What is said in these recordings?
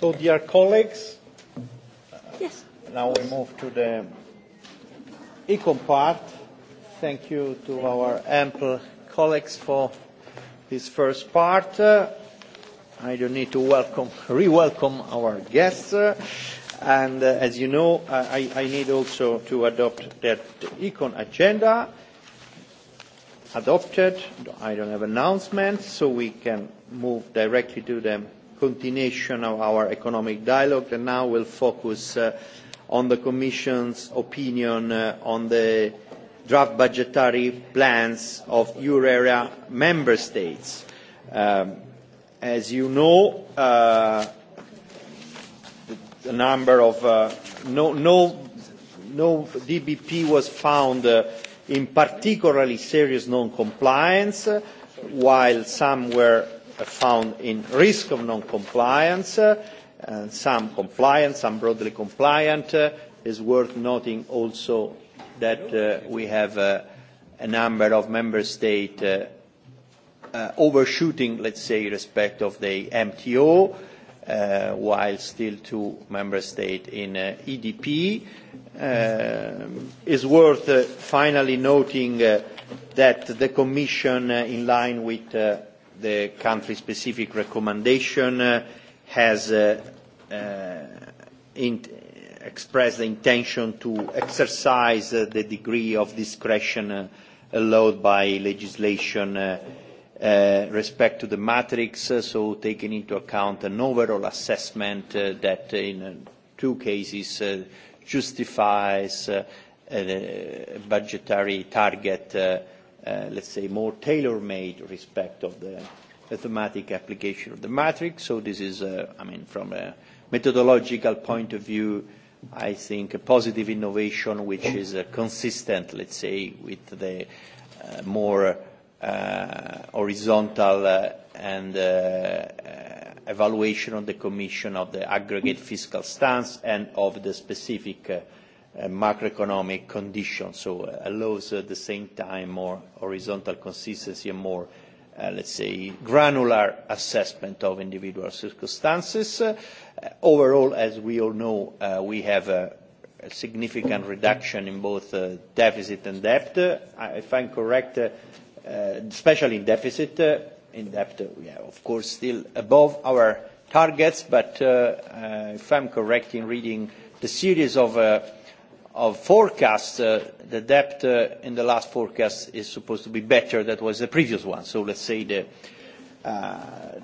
So, dear colleagues, yes. now we move to the econ part. Thank you to Thank our you. ample colleagues for this first part. Uh, I do need to welcome, re-welcome our guests. Uh, and uh, as you know, uh, I, I need also to adopt that econ agenda. Adopted. I don't have announcements, so we can move directly to the continuation of our economic dialogue and now will focus uh, on the Commission's opinion uh, on the draft budgetary plans of euro area member states. Um, as you know, uh, the number of uh, no, no, no DBP was found uh, in particularly serious non-compliance, uh, while some were Uh, found in risk of non-compliance, uh, and some compliant, some broadly compliant. Uh, It's worth noting also that we have a number of member states overshooting, let's say, in respect of the MTO, while still two member states in EDP. It's worth finally noting that the Commission, in line with the country-specific recommendation uh, has uh, uh, in- expressed the intention to exercise uh, the degree of discretion uh, allowed by legislation uh, uh, respect to the matrix, uh, so taking into account an overall assessment uh, that in uh, two cases uh, justifies uh, a budgetary target uh, Uh, let's say, more tailor-made respect of the mathematical application of the matrix. So this is, uh, I mean, from a methodological point of view, I think a positive innovation which is uh, consistent, let's say, with the uh, more uh, horizontal uh, and uh, uh, evaluation of the Commission of the aggregate fiscal stance and of the specific uh, Uh, macroeconomic condition. So uh, allows at uh, the same time more horizontal consistency and more, uh, let's say, granular assessment of individual circumstances. Uh, overall, as we all know, uh, we have a, a significant reduction in both uh, deficit and debt. Uh, if I'm correct, uh, uh, especially in deficit, uh, in debt, uh, we are, of course, still above our targets, but uh, uh, if I'm correct in reading the series of uh, of forecasts, uh, the debt uh, in the last forecast is supposed to be better than was the previous one. So let's say the uh,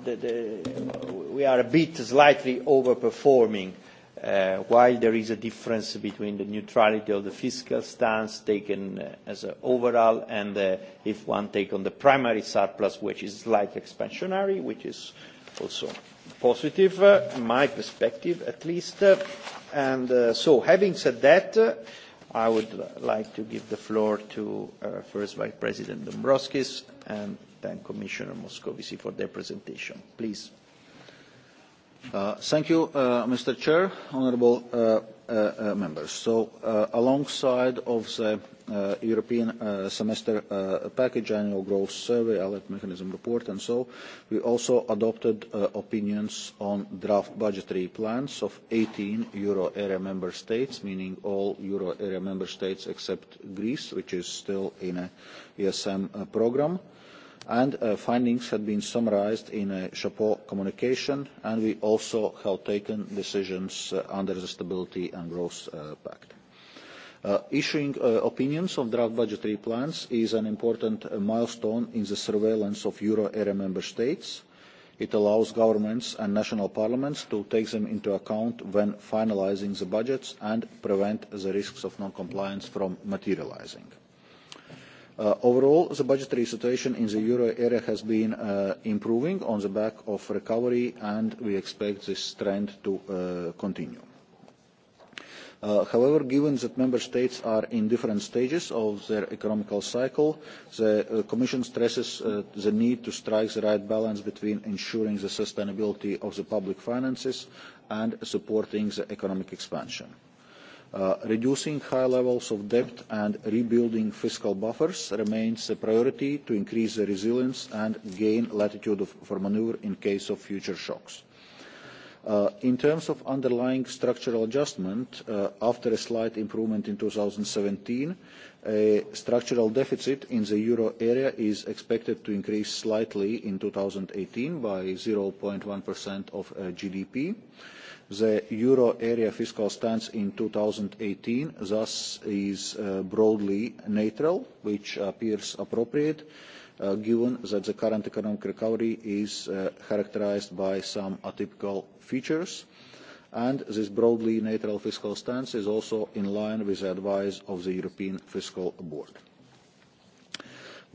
we are a bit slightly overperforming, while there is a difference between the neutrality of the fiscal stance taken as an overall, and if one take on the primary surplus, which is slightly expansionary, which is also positive, in my perspective, at least. Uh, so having said that, uh, I would like to give the floor to uh, first Vice President Dombrovskis and then Commissioner Moscovici for their presentation. Please. Thank you, Mr. Chair. Honorable Uh, uh, members. So uh, alongside of the uh, European uh, semester uh, package annual growth survey, alert mechanism report and so, we also adopted uh, opinions on draft budgetary plans of 18 euro area member states, meaning all euro area member states except Greece, which is still in a ESM uh, program. Uh, Uh, findings had been summarized in a Chapeau communication, and we also have taken decisions uh, under the Stability and Growth uh, Pact. Issuing opinions on draft budgetary plans is an important milestone in the surveillance of euro area member states. It allows governments and national parliaments to take them into account when finalizing the budgets and prevent the risks of non-compliance from materializing. Uh, overall, the budgetary situation in the euro area has been uh, improving on the back of recovery, and we expect this trend to uh, continue. However, given that member states are in different stages of their economic cycle, the Commission stresses the need to strike the right balance between ensuring the sustainability of the public finances and supporting the economic expansion. Uh, reducing high levels of debt and rebuilding fiscal buffers remains a priority to increase the resilience and gain latitude of, for maneuver in case of future shocks. Uh, in terms of underlying structural adjustment, uh, after a slight improvement in 2017, a structural deficit in the euro area is expected to increase slightly in 2018 by 0.1% of uh, GDP the euro area fiscal stance in 2018 thus is uh, broadly neutral, which appears appropriate uh, given that the current economic recovery is uh, characterized by some atypical features. This broadly neutral fiscal stance is also in line with the advice of the European Fiscal Board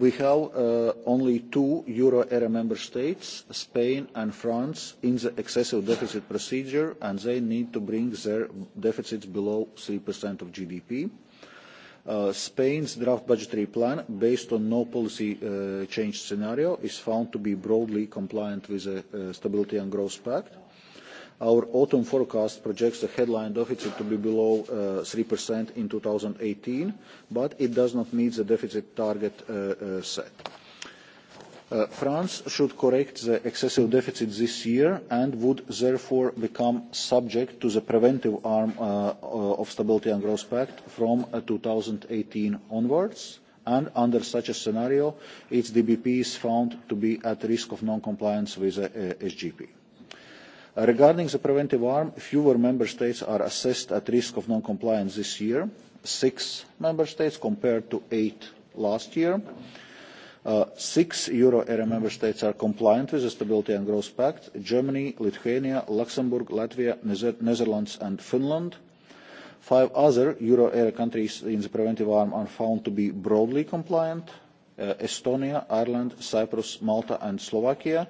we have uh, only two euro area member states, Spain and France, in the excessive deficit procedure, and they need to bring their deficits below 3% of GDP. Uh, Spain's draft budgetary plan, based on no policy uh, change scenario, is found to be broadly compliant with the uh, Stability and Growth Pact. Our autumn forecast projects the headline deficit to be below 3% uh, in 2018, but it does not meet the deficit target uh, uh, set. France should correct the excessive deficit this year and would therefore become subject to the preventive arm of Stability and Growth Pact from 2018 onwards. Under such a scenario, its DBP is found to be at risk of non-compliance with the SGP. Regarding the preventive arm, fewer member states are assessed at risk of non-compliance this year, six member states compared to eight last year. Uh, six euro area member states are compliant with the Stability and Growth Pact: Germany, Lithuania, Luxembourg, Latvia, Netherlands, and Finland. Five other euro area countries in the preventive arm are found to be broadly compliant: uh, Estonia, Ireland, Cyprus, Malta, and Slovakia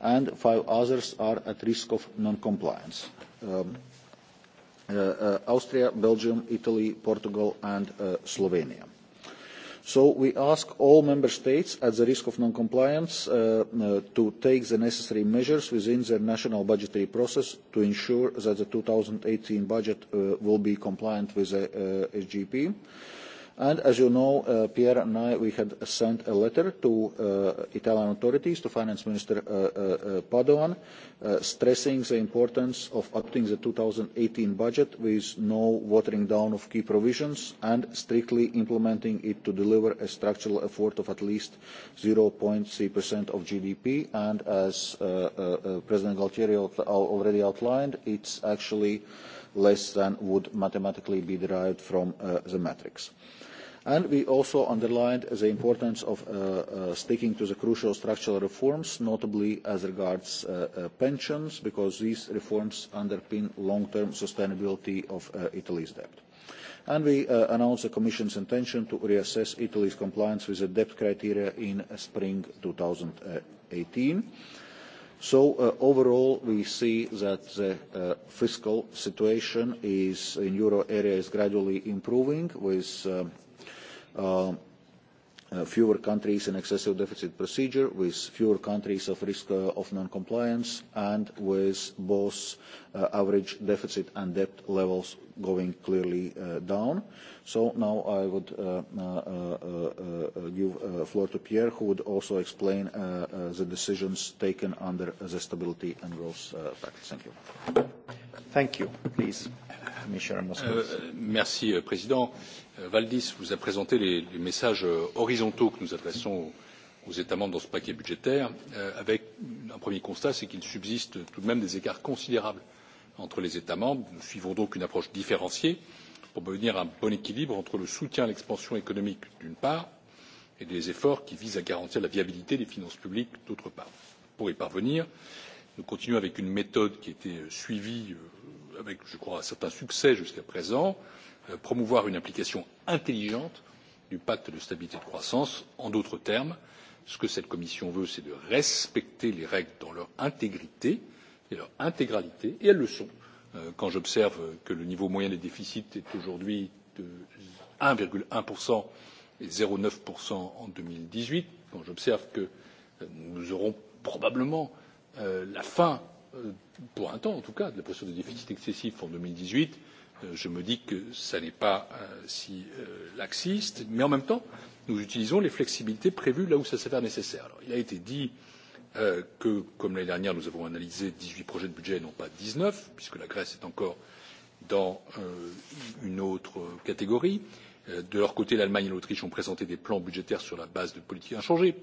and five others are at risk of non-compliance um, uh, uh, austria belgium italy portugal and uh, slovenia so we ask all member states at the risk of non-compliance uh, uh, to take the necessary measures within their national budgetary process to ensure that the 2018 budget uh, will be compliant with the uh, sgp And as you know, uh, Pierre and I, we had sent a letter to uh, Italian authorities, to Finance Minister uh, uh, uh Padoan, uh, stressing the importance of opting the 2018 budget with no watering down of key provisions and strictly implementing it to deliver a structural effort of at least 0.3% of GDP. And as uh, uh, uh, President Galtieri already outlined, it's actually less than would mathematically be derived from uh, the metrics. Uh, And we also underlined the importance of uh, uh, sticking to the crucial structural reforms, notably as regards uh, uh, pensions, because these reforms underpin long-term sustainability of uh, Italy's debt. And we uh, announced the Commission's intention to reassess Italy's compliance with the debt criteria in spring 2018. So uh, overall, we see that the uh, fiscal situation is, in euro area is gradually improving with uh, Um, uh, fewer countries in excessive deficit procedure, with fewer countries of risk uh, of non-compliance, and with both uh, average deficit and debt levels going clearly uh, down. So now I would uh, uh, uh, uh, uh give uh, floor to Pierre, who would also explain uh, uh, the decisions taken under the Stability and Growth uh, Pact. Thank you. Thank you. Please monsieur le euh, président euh, valdis vous a présenté les messages euh, horizontaux que nous adressons aux états membres dans ce paquet budgétaire avec un premier constat c'est qu'il subsiste tout de même des écarts considérables entre les états membres. nous suivons donc une approche différenciée pour parvenir à un bon équilibre entre le soutien à l'expansion économique d'une part et des efforts qui visent à garantir la viabilité des finances publiques d'autre part. pour y parvenir nous continuons avec une méthode qui a été suivie avec je crois un certain succès jusqu'à présent euh, promouvoir une application intelligente du pacte de stabilité et de croissance. en d'autres termes ce que cette commission veut c'est de respecter les règles dans leur intégrité et leur intégralité et elles le sont euh, quand j'observe que le niveau moyen des déficits est aujourd'hui de un un et zéro neuf en deux mille dix huit quand j'observe que euh, nous aurons probablement la fin Euh, pour un temps en tout cas de la pression du déficit excessif en deux mille dix huit euh, je me dis que ce n'est pas euh, si laxiste mais en même temps nous utilisons les flexibilités prévues là où ça s'avère nécessaire. Alors, il a été dit que comme l'année dernière nous avons analysé dix huit projets de budget et non pas dix neuf puisque la grèce est encore dans une autre catégorie de leur côté l'allemagne et l'autriche ont présenté des plans budgétaires sur la base de politiques inchangées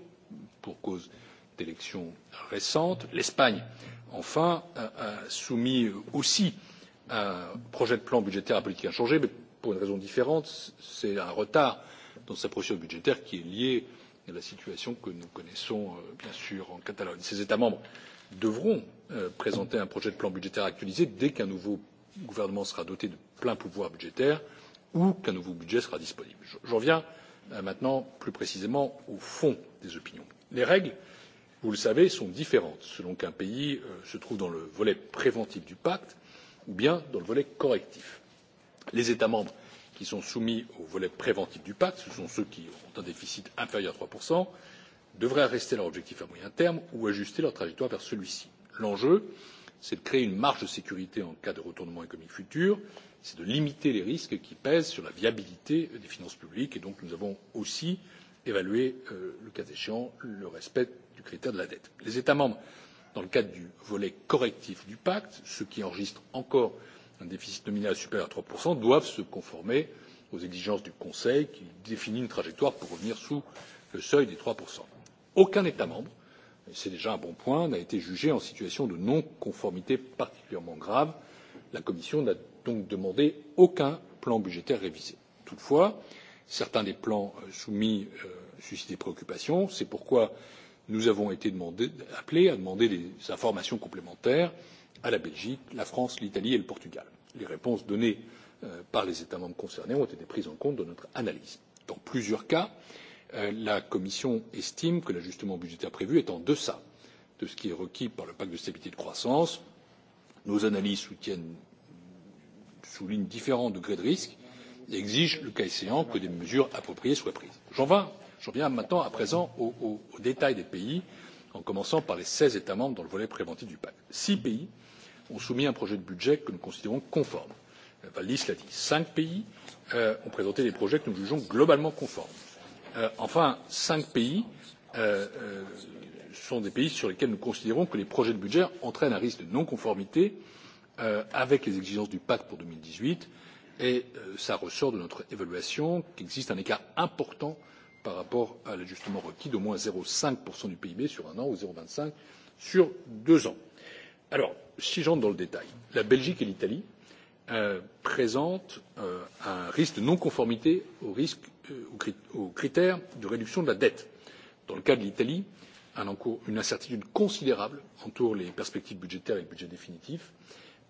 pour cause d'élections récentes l'espagne enfin euh, euh, soumis aussi à un projet de plan budgétaire à politique inchangée mais pour une raison différente c'est un retard dans sa procédure budgétaire qui est lié à la situation que nous connaissons euh, bien sûr en catalogne. ces états membres devront présenter un projet de plan budgétaire actualisé dès qu'un nouveau gouvernement sera doté de plein pouvoir budgétaire ou qu'un nouveau budget sera disponible. j'en viens maintenant plus précisément au fond des opinions. les règles vous le savez sont différentes selon qu'un pays euh, se trouve dans le volet préventif du pacte ou bien dans le volet correctif. les états membres qui sont soumis au volet préventif du pacte ce sont ceux qui ont un déficit inférieur à trois devraient rester leur objectif à moyen terme ou ajuster leur trajectoire vers celui ci. l'enjeu c'est de créer une marge de sécurité en cas de retournement économique futur c'est de limiter les risques qui pèsent sur la viabilité des finances publiques et donc nous avons aussi évalué euh, le cas échéant le respect critères de la dette. les états membres dans le cadre du volet correctif du pacte ceux qui enregistrent encore un déficit nominal supérieur à trois doivent se conformer aux exigences du conseil qui définit une trajectoire pour revenir sous le seuil des trois aucun état membre et c'est déjà un bon point n'a été jugé en situation de non conformité particulièrement grave. la commission n'a donc demandé aucun plan budgétaire révisé. toutefois certains des plans euh, soumis euh, suscitent des préoccupations. c'est pourquoi nous avons été appelés à demander des informations complémentaires à la belgique la france l'italie et le portugal. les réponses données euh, par les états membres concernés ont été prises en compte dans notre analyse. dans plusieurs cas euh, la commission estime que l'ajustement budgétaire prévu est en deçà de ce qui est requis par le pacte de stabilité et de croissance. nos analyses soulignent différents degrés de risque et exigent le cas échéant que des mesures appropriées soient prises. j'en j'en viens maintenant à présent au détail des pays en commençant par les seize états membres dans le volet préventif du pacte. six pays ont soumis un projet de budget que nous considérons conforme euh, l'islande cinq pays euh, ont présenté des projets que nous jugeons globalement conformes euh, enfin cinq pays sont des pays sur lesquels nous considérons que les projets de budget entraînent un risque de non conformité avec les exigences du pacte pour deux mille dix huit et cela ressort de notre évaluation qu'existe un écart important par rapport à l'ajustement requis d'au moins zéro cinq du pib sur un an ou zéro vingt cinq sur deux ans. alors si j'entre dans le détail la belgique et l'italie euh, présentent euh, un risque de non conformité aux euh, critères de réduction de la dette. dans le cas de l'italie une incertitude considérable entoure les perspectives budgétaires et le budget définitif.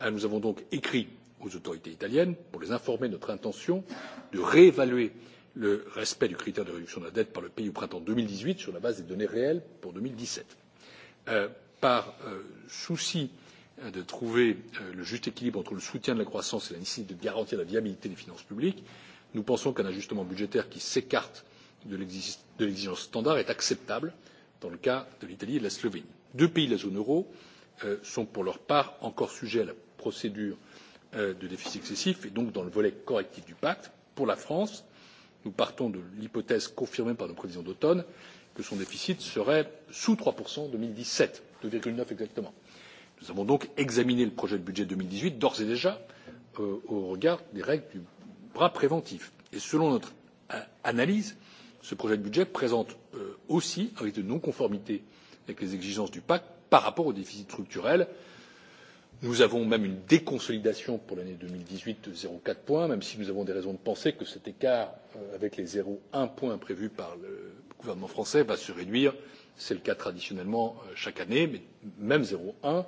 nous avons donc écrit aux autorités italiennes pour les informer de notre intention de réévaluer le respect du critère de réduction de la dette par le pays au printemps deux mille dix huit sur la base des données réelles pour. deux mille dix sept euh, par euh, souci euh, de trouver le juste équilibre entre le soutien de la croissance et la nécessité de garantir la viabilité des finances publiques nous pensons qu'un ajustement budgétaire qui s'écarte de l'exigence standard est acceptable dans le cas de l'italie et de la slovénie. deux pays de la zone euro sont pour leur part encore sujets à la procédure de déficit excessif et donc dans le volet correctif du pacte. pour la france nous partons de l'hypothèse confirmée par nos prévisions d'automne que son déficit serait sous trois en deux mille dix sept deux neuf exactement. nous avons donc examiné le projet de budget deux mille dix huit d'ores et déjà euh, au regard des règles du bras préventif et selon notre euh, analyse ce projet de budget présente euh, aussi un risque de non conformité avec les exigences du pacte par rapport au déficit structurel nous avons même une déconsolidation pour l'année deux mille dix huit de zéro quatre point même si nous avons des raisons de penser que cet écart euh, avec les zéro un point prévu par le gouvernement français va se réduire c'est le cas traditionnellement euh, chaque année mais même zéro un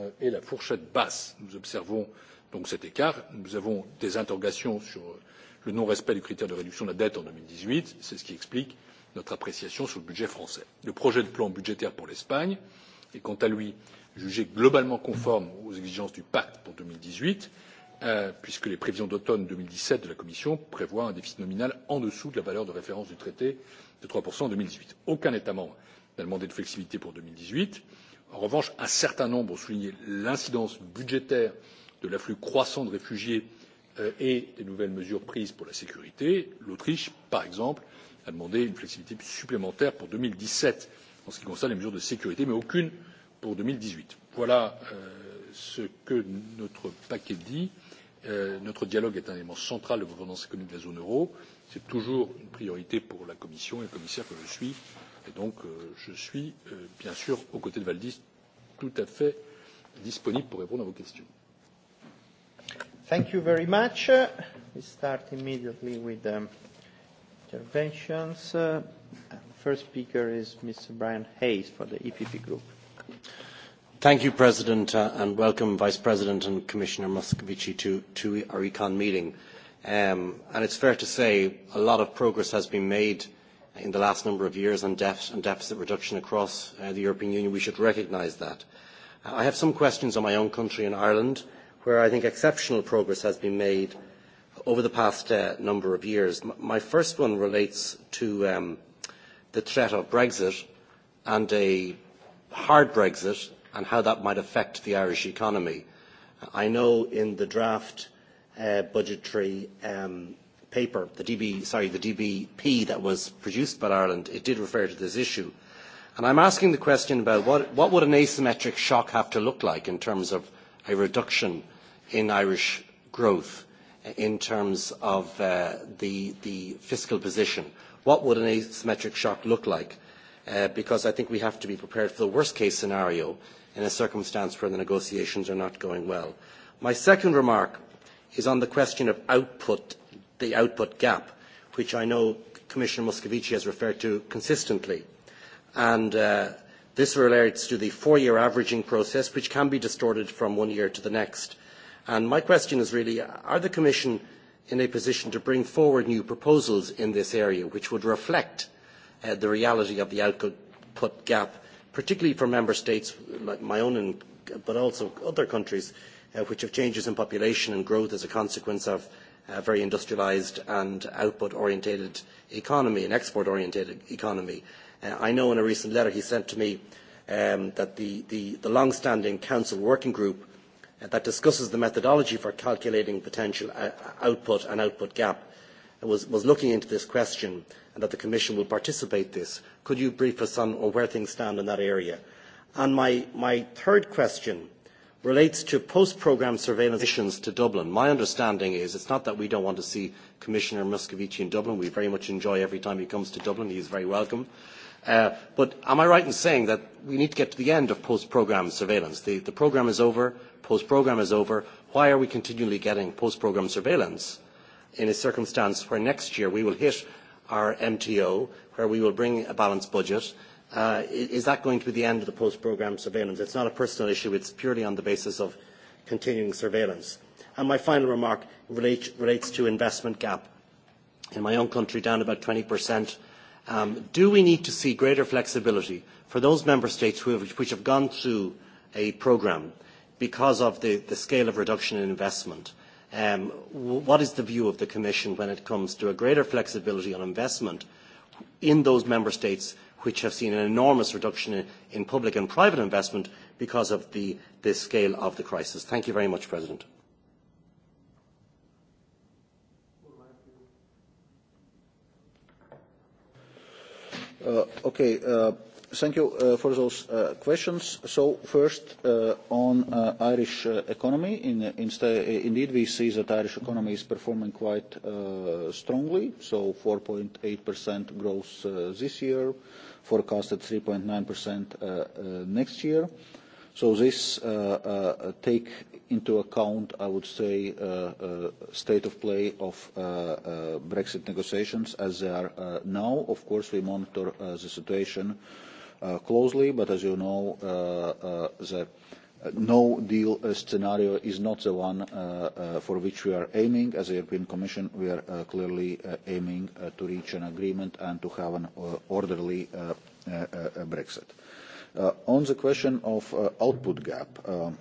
euh, est la fourchette basse. nous observons donc cet écart nous avons des interrogations sur le non respect du critère de réduction de la dette en deux mille dix huit c'est ce qui explique notre appréciation sur le budget français. le projet de plan budgétaire pour l'espagne est quant à lui jugée globalement conforme aux exigences du pacte pour deux mille dix huit euh, puisque les prévisions d'automne deux mille dix sept de la commission prévoient un déficit nominal en dessous de la valeur de référence du traité de trois en. deux mille dix huit aucun état membre n'a demandé de flexibilité pour. deux mille dix huit en revanche un certain nombre ont souligné l'incidence budgétaire de l'afflux croissant de réfugiés euh, et des nouvelles mesures prises pour la sécurité. l'autriche par exemple a demandé une flexibilité supplémentaire pour deux mille dix sept en ce qui concerne les mesures de sécurité mais aucune pour deux mille dix huit voilà euh, ce que notre paquet dit. Euh, notre dialogue est un élément central de la gouvernance économique de la zone euro c'est toujours une priorité pour la commission et le commissaire que je suis et donc euh, je suis bien sûr aux côtés de valdis tout à fait disponible pour répondre à vos questions. Thank you very much. We start immediately with um, interventions. Uh, first speaker is Mr. Brian Hayes for the EPP Group. Thank you, President, uh, and welcome Vice President and Commissioner Moscovici to, to our econ meeting. Um, and it's fair to say a lot of progress has been made in the last number of years on debt and deficit reduction across uh, the European Union. We should recognize that. I have some questions on my own country in Ireland, where I think exceptional progress has been made over the past uh, number of years. M- my first one relates to um, the threat of Brexit and a hard Brexit and how that might affect the Irish economy. I know in the draft uh, budgetary um, paper, the DB, sorry, the DBP that was produced by Ireland, it did refer to this issue. And I'm asking the question about what, what would an asymmetric shock have to look like in terms of a reduction in Irish growth in terms of uh, the, the fiscal position. What would an asymmetric shock look like? Uh, because I think we have to be prepared for the worst case scenario in a circumstance where the negotiations are not going well. My second remark is on the question of output, the output gap, which I know Commissioner Muscovici has referred to consistently. And uh, this relates to the four-year averaging process, which can be distorted from one year to the next. And my question is really, are the Commission in a position to bring forward new proposals in this area, which would reflect uh, the reality of the output gap particularly for member states like my own and, but also other countries uh, which have changes in population and growth as a consequence of a uh, very industrialized and output oriented economy and export oriented economy uh, i know in a recent letter he sent to me um, that the, the, the long standing council working group uh, that discusses the methodology for calculating potential uh, output and output gap uh, was, was looking into this question and that the Commission will participate this. Could you brief us on, on where things stand in that area? And my, my third question relates to post-programme surveillance missions to Dublin. My understanding is it's not that we don't want to see Commissioner Muscovici in Dublin. We very much enjoy every time he comes to Dublin. He's very welcome. Uh, but am I right in saying that we need to get to the end of post-programme surveillance? The, the programme is over, post-programme is over. Why are we continually getting post-programme surveillance? Uh, in a circumstance where next year we will hit our MTO, where we will bring a balanced budget. Uh, is that going to be the end of the post-programme surveillance? It's not a personal issue, it's purely on the basis of continuing surveillance. And my final remark relates, relates to investment gap. In my own country, down about 20%. Um, do we need to see greater flexibility for those member states who have, which have gone through a programme because of the, the scale of reduction in investment? Um, what is the view of the Commission when it comes to a greater flexibility on investment in those member states which have seen an enormous reduction in, in public and private investment because of the, the scale of the crisis? Thank you very much, President. Uh, okay. Uh, thank you uh, for those uh, questions. So first, uh, on uh, Irish uh, economy, in, uh, in st- uh, indeed we see that Irish economy is performing quite uh, strongly. So 4.8% growth uh, this year, forecasted 3.9% uh, uh, next year. So this uh, uh, take into account, I would say, uh, uh, state of play of uh, uh, Brexit negotiations as they are uh, now. Of course, we monitor uh, the situation uh, Uh, closely, but as you know, uh, uh, the uh, no deal uh, scenario is not the one uh, uh, for which we are aiming. As the European Commission, we are uh, clearly uh, aiming uh, to reach an agreement and to have an uh, orderly uh, uh, uh, Brexit. Uh, on the question of uh, output gap, um,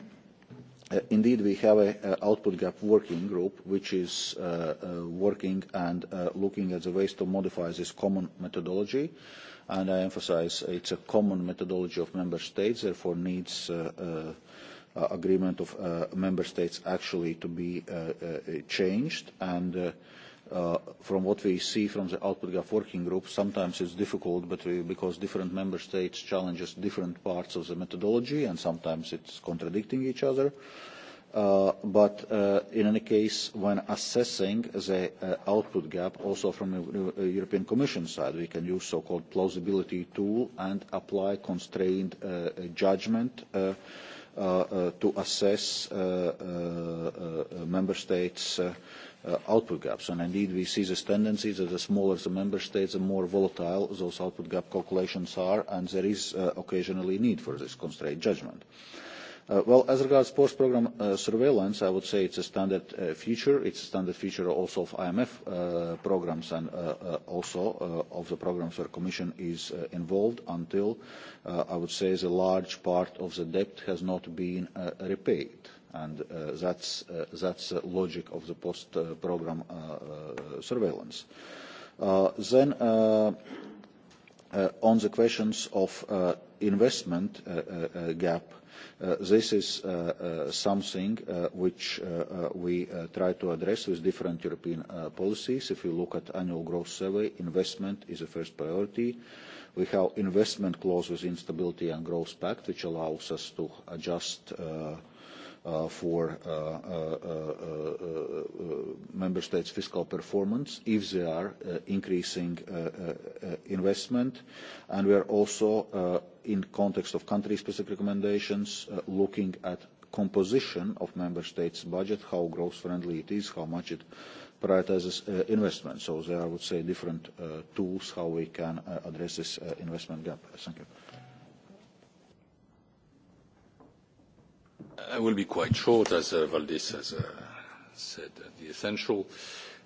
uh, indeed we have an output gap working group which is uh, uh, working and uh, looking at the ways to modify this common methodology. Uh, and I emphasize it's a common methodology of member states, therefore needs uh, uh, uh, agreement of uh, member states actually to be uh, uh, changed. And uh, uh, from what we see from the output gap working group, sometimes it's difficult but we, because different member states challenges different parts of the methodology and sometimes it's contradicting each other. Uh, Uh, but uh, in any case, when assessing the uh, output gap, also from a European Commission side, we can use so-called plausibility tool and apply constrained judgment to assess member states' output gaps. And indeed, we see this tendency that the smaller the member states, the more volatile those output gap calculations are, and there is occasionally need for this constrained judgment. Uh, well, as regards post-program uh, surveillance, I would say it's a standard uh, feature. It's a standard feature also of IMF programs and also of the programs where Commission is involved until I would say the large part of the debt has not been repaid. And that's the logic of the post-program surveillance. Then, on the questions of investment gap, Uh, this is uh, uh, something uh, which uh, uh, we uh, try to address with different European uh, policies. If you look at annual growth survey, investment is the first priority. We have investment clauses in Stability and Growth Pact, which allows us to adjust uh, uh, for uh, uh, uh, uh, uh, member states' fiscal performance if they are uh, increasing uh, uh, uh investment. And we are also uh, in context of country-specific recommendations, uh, looking at composition of member states' budget, how growth-friendly it is, how much it prioritizes uh, investment. So there are, I would say, different uh, tools how we can uh, address this uh, investment gap. Thank you. I will be quite short, as uh, Valdis has uh, said, uh, the essential.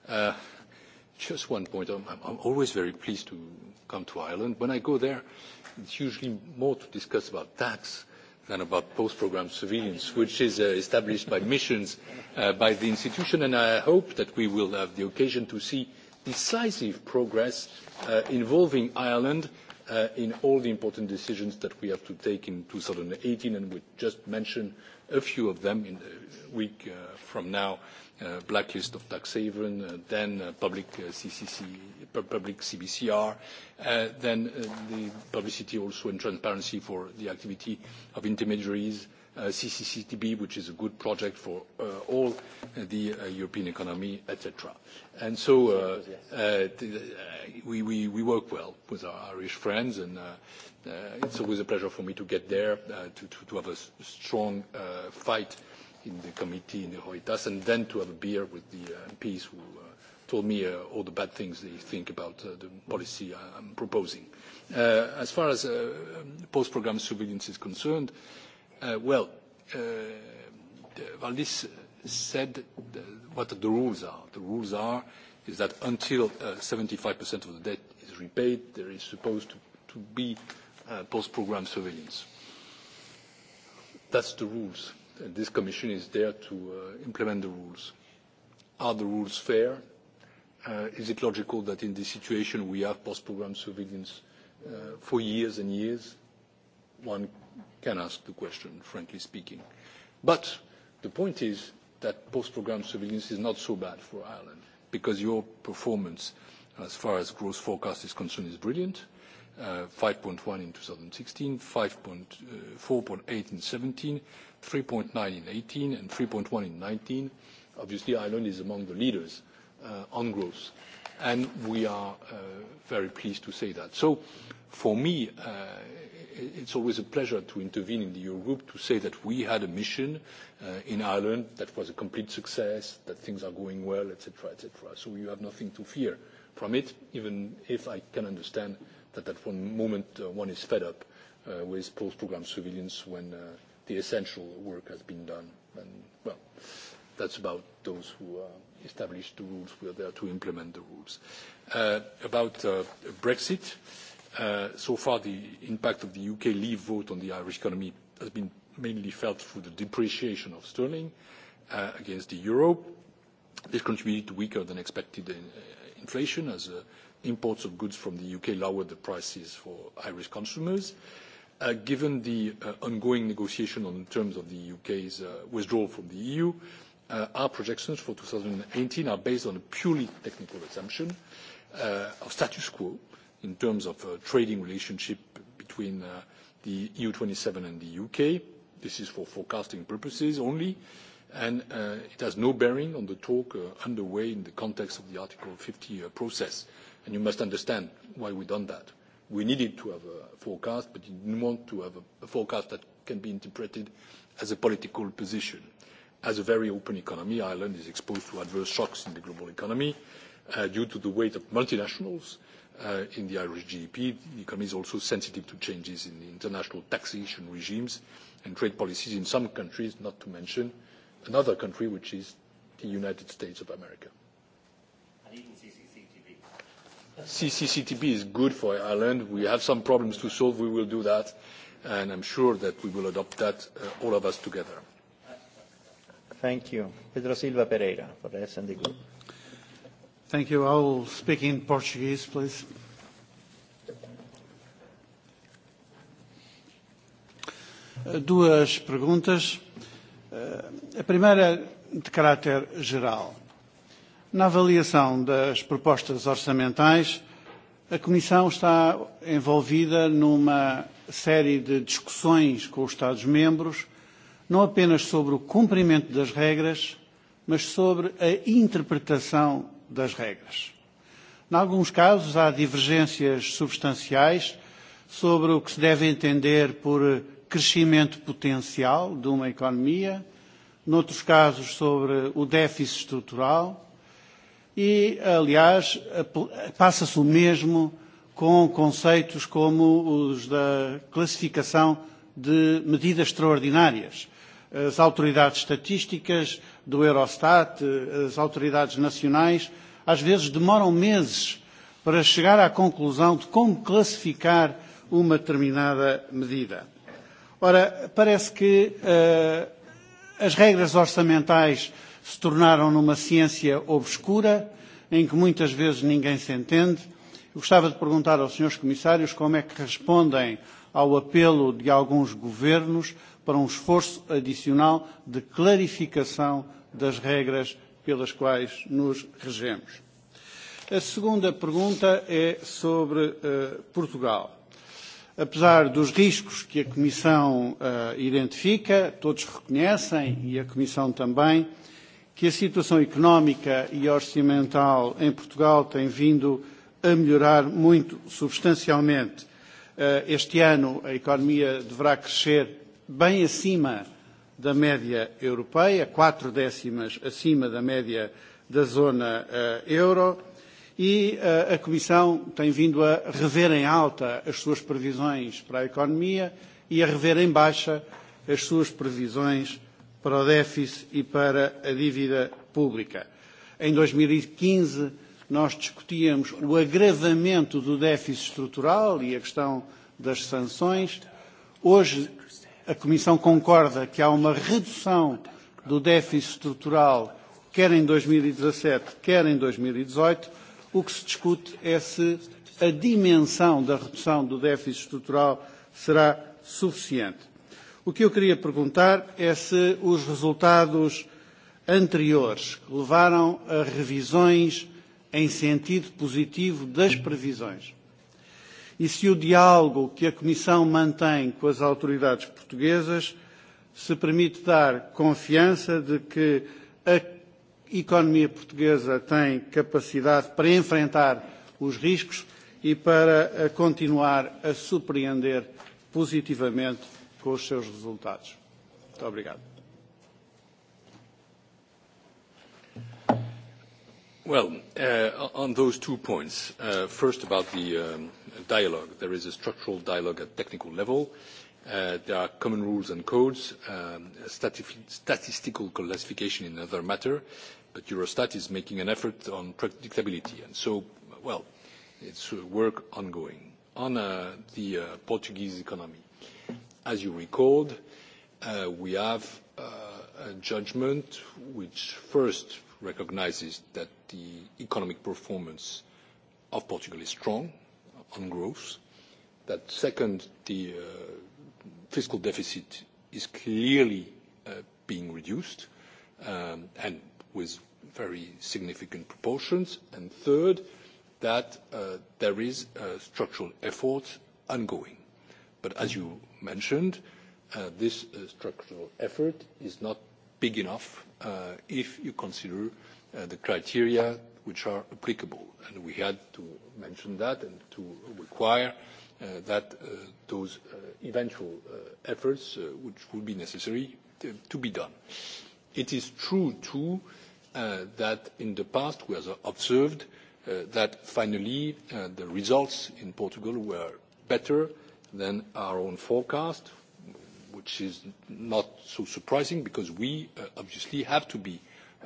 Uh, just one point. I'm, I'm always very pleased to come to Ireland. When I go there, uh, it's usually more to discuss about tax than about post programme surveillance which is uh, established by missions uh, by the institution and i hope that we will have the occasion to see decisive progress uh, involving ireland in all the important decisions that we have to take in two thousand and eighteen and we just mentioned a few of them in a week uh, from now, uh, blacklist of tax haven, uh, then public CBCR, then the publicity also and transparency for the activity of intermediaries, Uh, CCCTB, which is a good project for uh, all the uh, European economy, et cetera. Yes. We work well with our Irish friends, and it's always a pleasure for me to get there to have a strong fight in the committee, in the Hortas, and then to have a beer with the MPs who told me all the bad things they think about the policy I'm proposing. As far as um, post-program surveillance is concerned, Uh, well uh, valdis said what the rules are. the rules are that until uh, seventy five of the debt is repaid there is supposed to be post programme surveillance. that is the rules and this commission is there to implement the rules. are the rules fair? is it logical that in this situation we have post programme surveillance for years and years? one can ask the question, frankly speaking. But the point is that post-programme surveillance is not so bad for Ireland, because your performance, as far as growth forecast is concerned, is brilliant. Uh, 5.1 in 2016, 4.8 uh, in 17, 3.9 in 18, and 3.1 in 19. Obviously, Ireland is among the leaders uh, on growth. And we are uh, very pleased to say that. So for me, uh, it's always a pleasure to intervene in the eurogroup to say that we had a mission uh, in ireland that was a complete success that things are going well etc. so you have nothing to fear from it even if i can understand that at one moment uh, one is fed up uh, with post programme surveillance when the essential work has been done. And, well, that's about those who established the rules. we are there to implement the rules. Uh, about uh, brexit, uh, Uh, so far the impact of the uk leave vote on the irish economy has been mainly felt through the depreciation of sterling uh, against the euro. this contributed to weaker than expected uh, inflation as imports of goods from the uk lowered the prices for irish consumers. given the ongoing negotiation on the terms of the uk's withdrawal from the eu our projections for two thousand and eighteen are based on a purely technical assumption of status quo in terms of uh, trading relationship between uh, the EU27 and the U.K. This is for forecasting purposes only, and uh, it has no bearing on the talk underway in the context of the Article 50 process. You must understand why we've done that. We needed to have a forecast, but we didn't want to have a forecast that can be interpreted as a political position. As a very open economy, Ireland is exposed to adverse shocks in the global economy due to the weight of multinationals Uh, in the Irish GDP. E the economy is also sensitive to changes in the international taxation regimes and trade policies in some countries, not to mention another country, which is the United States of America. Even CCCTB. CCCTB is good for Ireland. We have some problems to solve. We will do that, and I'm sure that we will adopt that, uh, all of us together. Thank you. Pedro Silva Pereira for the S&P Global. Thank you. I'll speak in Portuguese, please. Uh, duas perguntas. Uh, a primeira de caráter geral. Na avaliação das propostas orçamentais, a Comissão está envolvida numa série de discussões com os Estados-membros, não apenas sobre o cumprimento das regras, mas sobre a interpretação das regras. Em alguns casos há divergências substanciais sobre o que se deve entender por crescimento potencial de uma economia, noutros casos sobre o déficit estrutural e, aliás, passa-se o mesmo com conceitos como os da classificação de medidas extraordinárias. Eh, as autoridades estatísticas do Eurostat, eh, as autoridades nacionais, às vezes demoram meses para chegar à conclusão de como classificar uma determinada medida. Ora, parece que uh, as regras orçamentais se tornaram numa ciência obscura, em que muitas vezes ninguém se entende. Eu gostava de perguntar aos senhores comissários como é que respondem ao apelo de alguns governos para um esforço adicional de clarificação das regras pelas quais nos regemos. A segunda pergunta é sobre uh, Portugal. Apesar dos riscos que a Comissão uh, identifica, todos reconhecem, e a Comissão também, que a situação económica e orçamental em Portugal tem vindo a melhorar muito substancialmente. Uh, este ano a economia deverá crescer bem acima da média europeia, quatro décimas acima da média da zona uh, euro, e uh, a Comissão tem vindo a rever em alta as suas previsões para a economia e a rever em baixa as suas previsões para o déficit e para a dívida pública. Em 2015, e nós discutíamos o agravamento do déficit estrutural e a questão das sanções. Hoje a Comissão concorda que há uma redução do déficit estrutural, quer em 2017, e quer em 2018, e o que se discute é se a dimensão da redução do déficit estrutural será suficiente. O que eu queria perguntar é se os resultados anteriores levaram a revisões em sentido positivo das previsões e se o diálogo que a Comissão mantém com as autoridades portuguesas se permite dar confiança de que a economia portuguesa tem capacidade para enfrentar os riscos e para continuar a surpreender positivamente com os seus resultados. Muito obrigado. Well, uh, on those two points, uh, first about the um, dialogue. There is a structural dialogue at technical level. Uh, there are common rules and codes, um, statistical classification in another matter, but Eurostat is making an effort on predictability, and so, well, it's work ongoing. On uh, the uh, Portuguese economy, as you recalled, we have a judgment which first recognizes that the economic performance of Portugal is strong, on growth that second the uh, fiscal deficit is clearly uh, being reduced um, and with very significant proportions and third that uh, there is structural effort ongoing. As you mentioned, this structural effort is not big enough if you consider the criteria which are applicable and we had to mention that and to require uh, that uh, those uh, eventual efforts which would be necessary to be done. it is true too that in the past we have observed that finally the results in portugal were better than our own forecast which is not so surprising because we obviously have to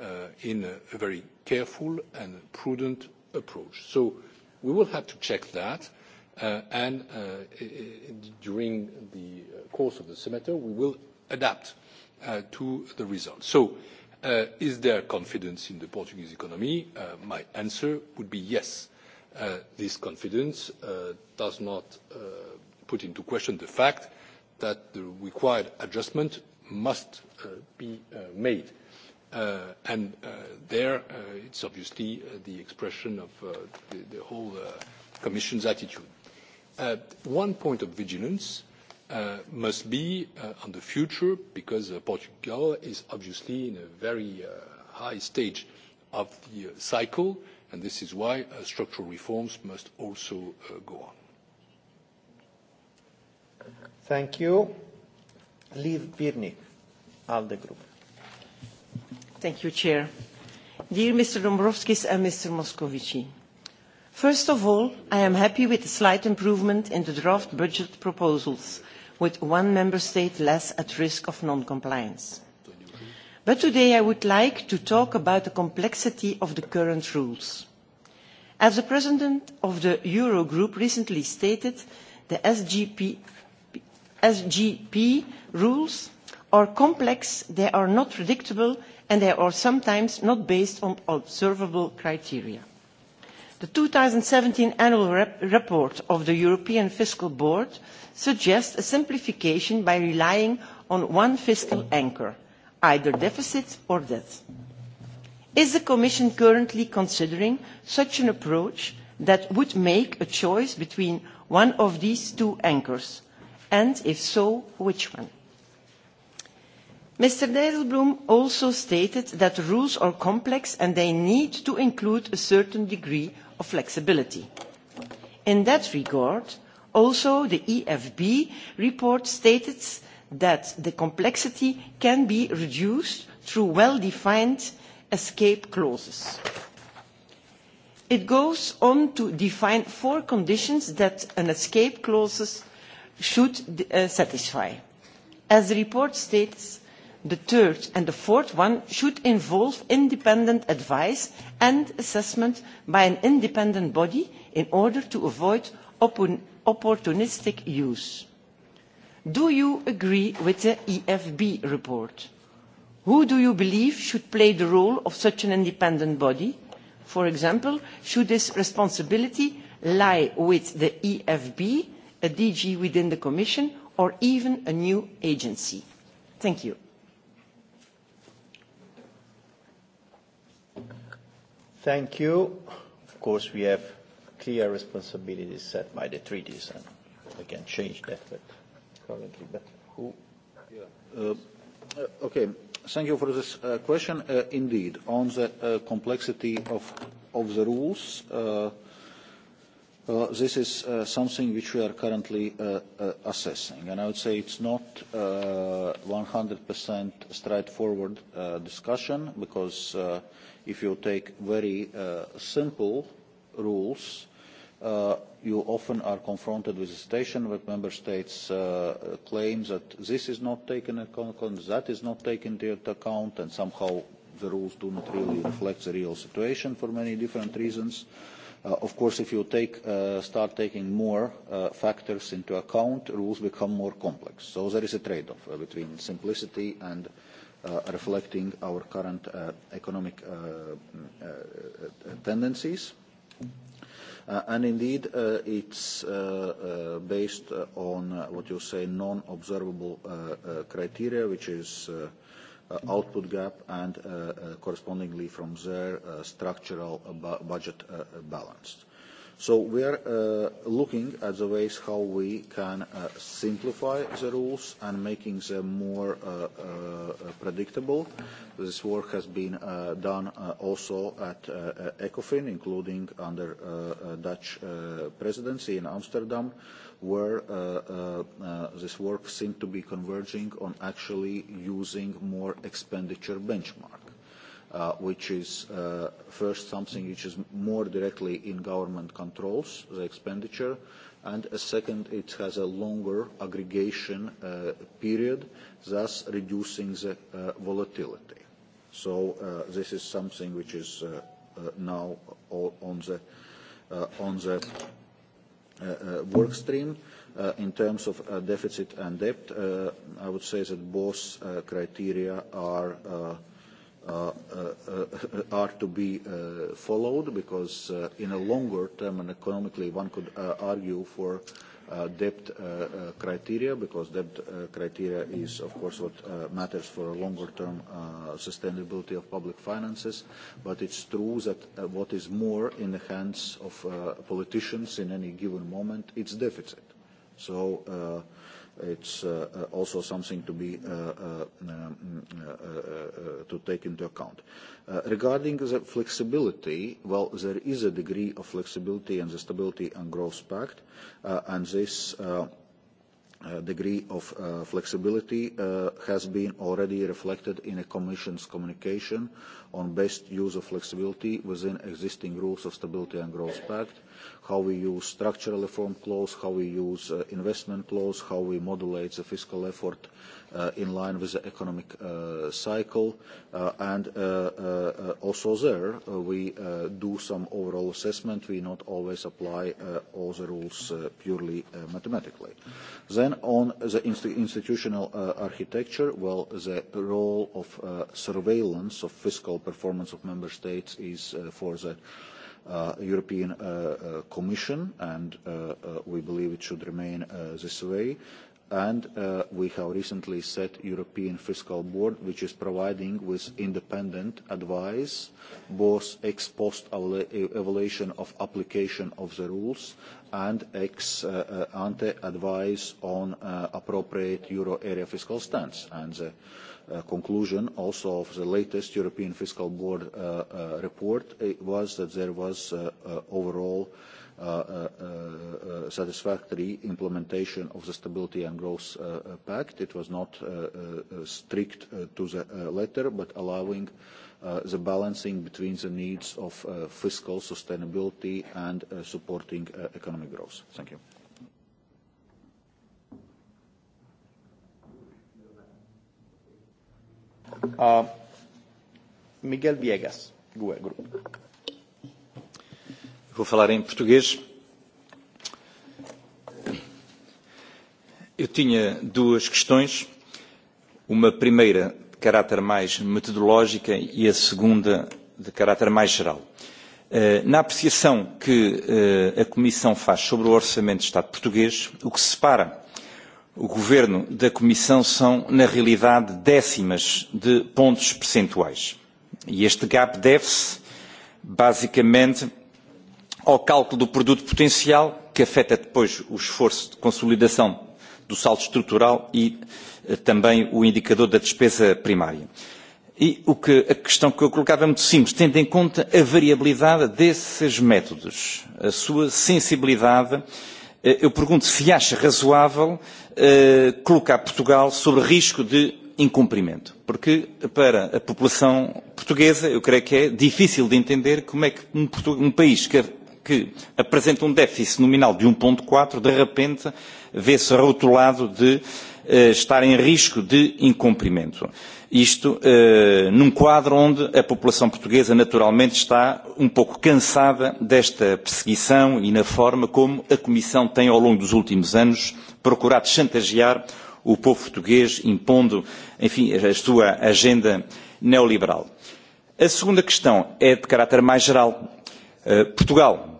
Uh, in a very careful and prudent approach. We will have to check that, uh, and uh, during the course of the semester, we will adapt to the results. Is there confidence in the Portuguese economy? My answer would be yes. This confidence does not put into question the fact that the required adjustment must be made. Uh, and uh, there, uh, it's obviously the expression of the whole commission's attitude. One point of vigilance must be on the future because Portugal is obviously in a very high stage of the cycle, and this is why structural reforms must also go on. Thank you. Lee Birnick, Alde Group. Thank you, Chair. Dear Mr. Dombrovskis and Mr. Moscovici, first of all, I am happy with the slight improvement in the draft budget proposals, with one member state less at risk of non-compliance. But today I would like to talk about the complexity of the current rules. As the president of the Eurogroup recently stated, the SGP, SGP rules are complex, they are not predictable, and they are sometimes not based on observable criteria. The two thousand and seventeen annual rep- report of the European Fiscal Board suggests a simplification by relying on one fiscal anchor, either deficit or debt. Is the Commission currently considering such an approach that would make a choice between one of these two anchors? And if so, which one? Mr. Dijsselbloem also stated that the rules are complex and they need to include a certain degree of flexibility. In that regard, also the EFB report stated that the complexity can be reduced through well-defined escape clauses. It goes on to define four conditions that an escape clause should uh, satisfy. As the report states, the third and the fourth one should involve independent advice and assessment by an independent body in order to avoid opportunistic use. do you agree with the efb report? who do you believe should play the role of such an independent body? for example should this responsibility lie with the efb a dg within the commission or even a new agency? thank you. Thank you. Of course, we have clear responsibilities set by the treaties, and we can change that but currently. But who? Yeah. Uh, uh, okay. Thank you for this uh, question. Uh, indeed, on the uh, complexity of of the rules, uh, uh, this is uh, something which we are currently uh, uh, assessing. And I would say it's not 100% uh, straightforward uh, discussion because. Uh, if you take very uh, simple rules, uh, you often are confronted with a situation where member states uh, claim that this is not taken into account, that is not taken into account, and somehow the rules do not really reflect the real situation for many different reasons. Uh, of course, if you take, uh, start taking more uh, factors into account, rules become more complex. So there is a trade-off uh, between simplicity and uh, Uh, reflecting our current uh, economic uh, uh, uh, tendencies. Uh, and indeed, uh, it's uh, uh, based on uh, what you say non-observable uh, uh, criteria, which is uh, uh, output gap and uh, uh, correspondingly from there uh, structural bu- budget uh, balanced. Uh, So we are uh, looking at the ways how we can uh, simplify the rules and making them more uh, predictable. This work has been done also at ECOFIN, including under Dutch presidency in Amsterdam, where this work seemed to be converging on actually using more expenditure benchmark. Uh, which is uh, first something which is more directly in government controls, the expenditure, and second, it has a longer aggregation uh, period, thus reducing the volatility. So, this is something which is now on the work stream. In terms of deficit and debt, I would say that both criteria are Uh, uh, uh, are to be uh, followed because uh, in a longer term and economically one could uh, argue for uh, debt uh, uh, criteria because debt uh, criteria is of course what uh, matters for a longer term uh, sustainability of public finances but it's true that uh, what is more in the hands of uh, politicians in any given moment it's deficit so uh, it's uh, uh, also something to be uh, uh, mm, uh, uh, uh, to take into account. Uh, regarding the flexibility, well, there is a degree of flexibility in the Stability and Growth Pact, uh, and this. Uh, Uh, degree of uh, flexibility uh, has been already reflected in the Commission's communication on best use of flexibility within existing rules of Stability and Growth Pact, how we use structural reform clause, how we use investment clause, how we modulate the fiscal effort Uh, in line with the economic uh, cycle. Uh, also there, we do some overall assessment. We not always apply all the rules purely mathematically. Then on the institutional architecture, well, the role of surveillance of fiscal performance of member states is for the European Commission, and we believe it should remain this way and uh, we have recently set European Fiscal Board, which is providing with independent advice, both ex post e, evaluation of application of the rules and ex uh, uh, ante advice on uh, appropriate euro area fiscal stance. And the uh, conclusion also of the latest European Fiscal Board uh, uh, report it was that there was uh, uh, overall uh, Uh, uh, uh, satisfactory implementation of the stability and growth uh, pact. It was not uh, strict uh, to the uh, letter, but allowing uh, the balancing between the needs of uh, fiscal sustainability and uh, supporting uh, economic growth. Thank you. Uh, Miguel Viegas, Google Group vou falar em português. Eu tinha duas questões, uma primeira de caráter mais metodológica e a segunda de caráter mais geral. Eh, na apreciação que eh, a Comissão faz sobre o Orçamento de Estado português, o que separa o Governo da Comissão são, na realidade, décimas de pontos percentuais. E este gap deve-se, basicamente, ao cálculo do produto potencial, que afeta depois o esforço de consolidação do saldo estrutural e eh, também o indicador da despesa primária. E o que, a questão que eu colocava é muito simples, tendo em conta a variabilidade desses métodos, a sua sensibilidade, eh, eu pergunto se acha razoável eh, colocar Portugal sobre risco de incumprimento. Porque para a população portuguesa, eu creio que é difícil de entender como é que um, um país que que apresenta um déficit nominal de 1.4, um de repente vê-se rotulado de eh, estar em risco de incumprimento. Isto eh, num quadro onde a população portuguesa naturalmente está um pouco cansada desta perseguição e na forma como a Comissão tem ao longo dos últimos anos procurado chantagear o povo português impondo, enfim, a sua agenda neoliberal. A segunda questão é de caráter mais geral. Uh, Portugal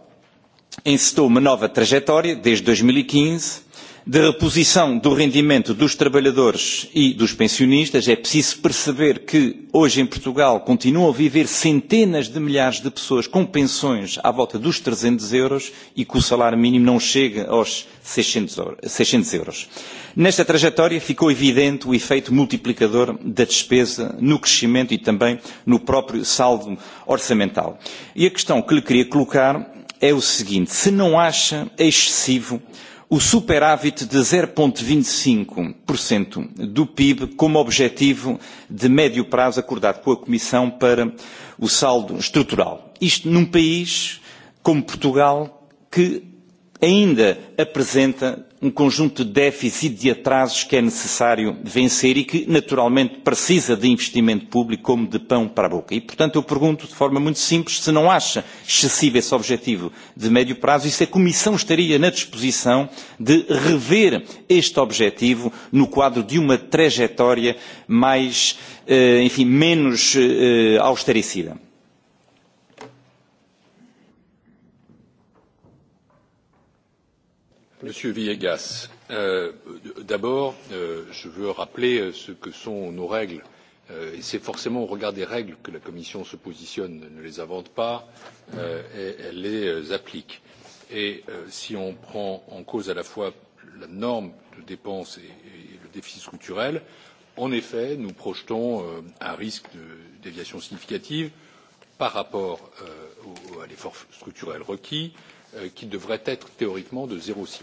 incitou uma nova trajetória desde dois mil e quinze de reposição do rendimento dos trabalhadores e dos pensionistas é preciso perceber que hoje em portugal continuam a viver centenas de milhares de pessoas com pensões à volta dos trezentos euros e que o salário mínimo não chega aos seiscentos euros. nesta trajetória ficou evidente o efeito multiplicador da despesa no crescimento e também no próprio saldo orçamental e a questão que lhe queria colocar é o seguinte se não acha excessivo o superávit de 0,25% e do PIB como objetivo de médio prazo acordado com a Comissão para o saldo estrutural. Isto num país como Portugal que ainda apresenta um conjunto de déficits e atrasos que é necessário vencer e que, naturalmente, precisa de investimento público como de pão para a boca. E, portanto, eu pergunto de forma muito simples se não acha excessivo esse objetivo de médio prazo e se a Comissão estaria na disposição de rever este objetivo no quadro de uma trajetória mais, eh, enfim, menos eh, austericida. monsieur villegas euh, d'abord euh, je veux rappeler euh, ce que sont nos règles et c'est forcément au regard des règles que la commission se positionne elle ne les invente pas elle les applique et si on prend en cause à la fois la norme de dépenses et le déficit structurel en effet nous projetons un risque de déviation significative par rapport à l'effort structurel requis Euh, qui devrait être théoriquement de zéro six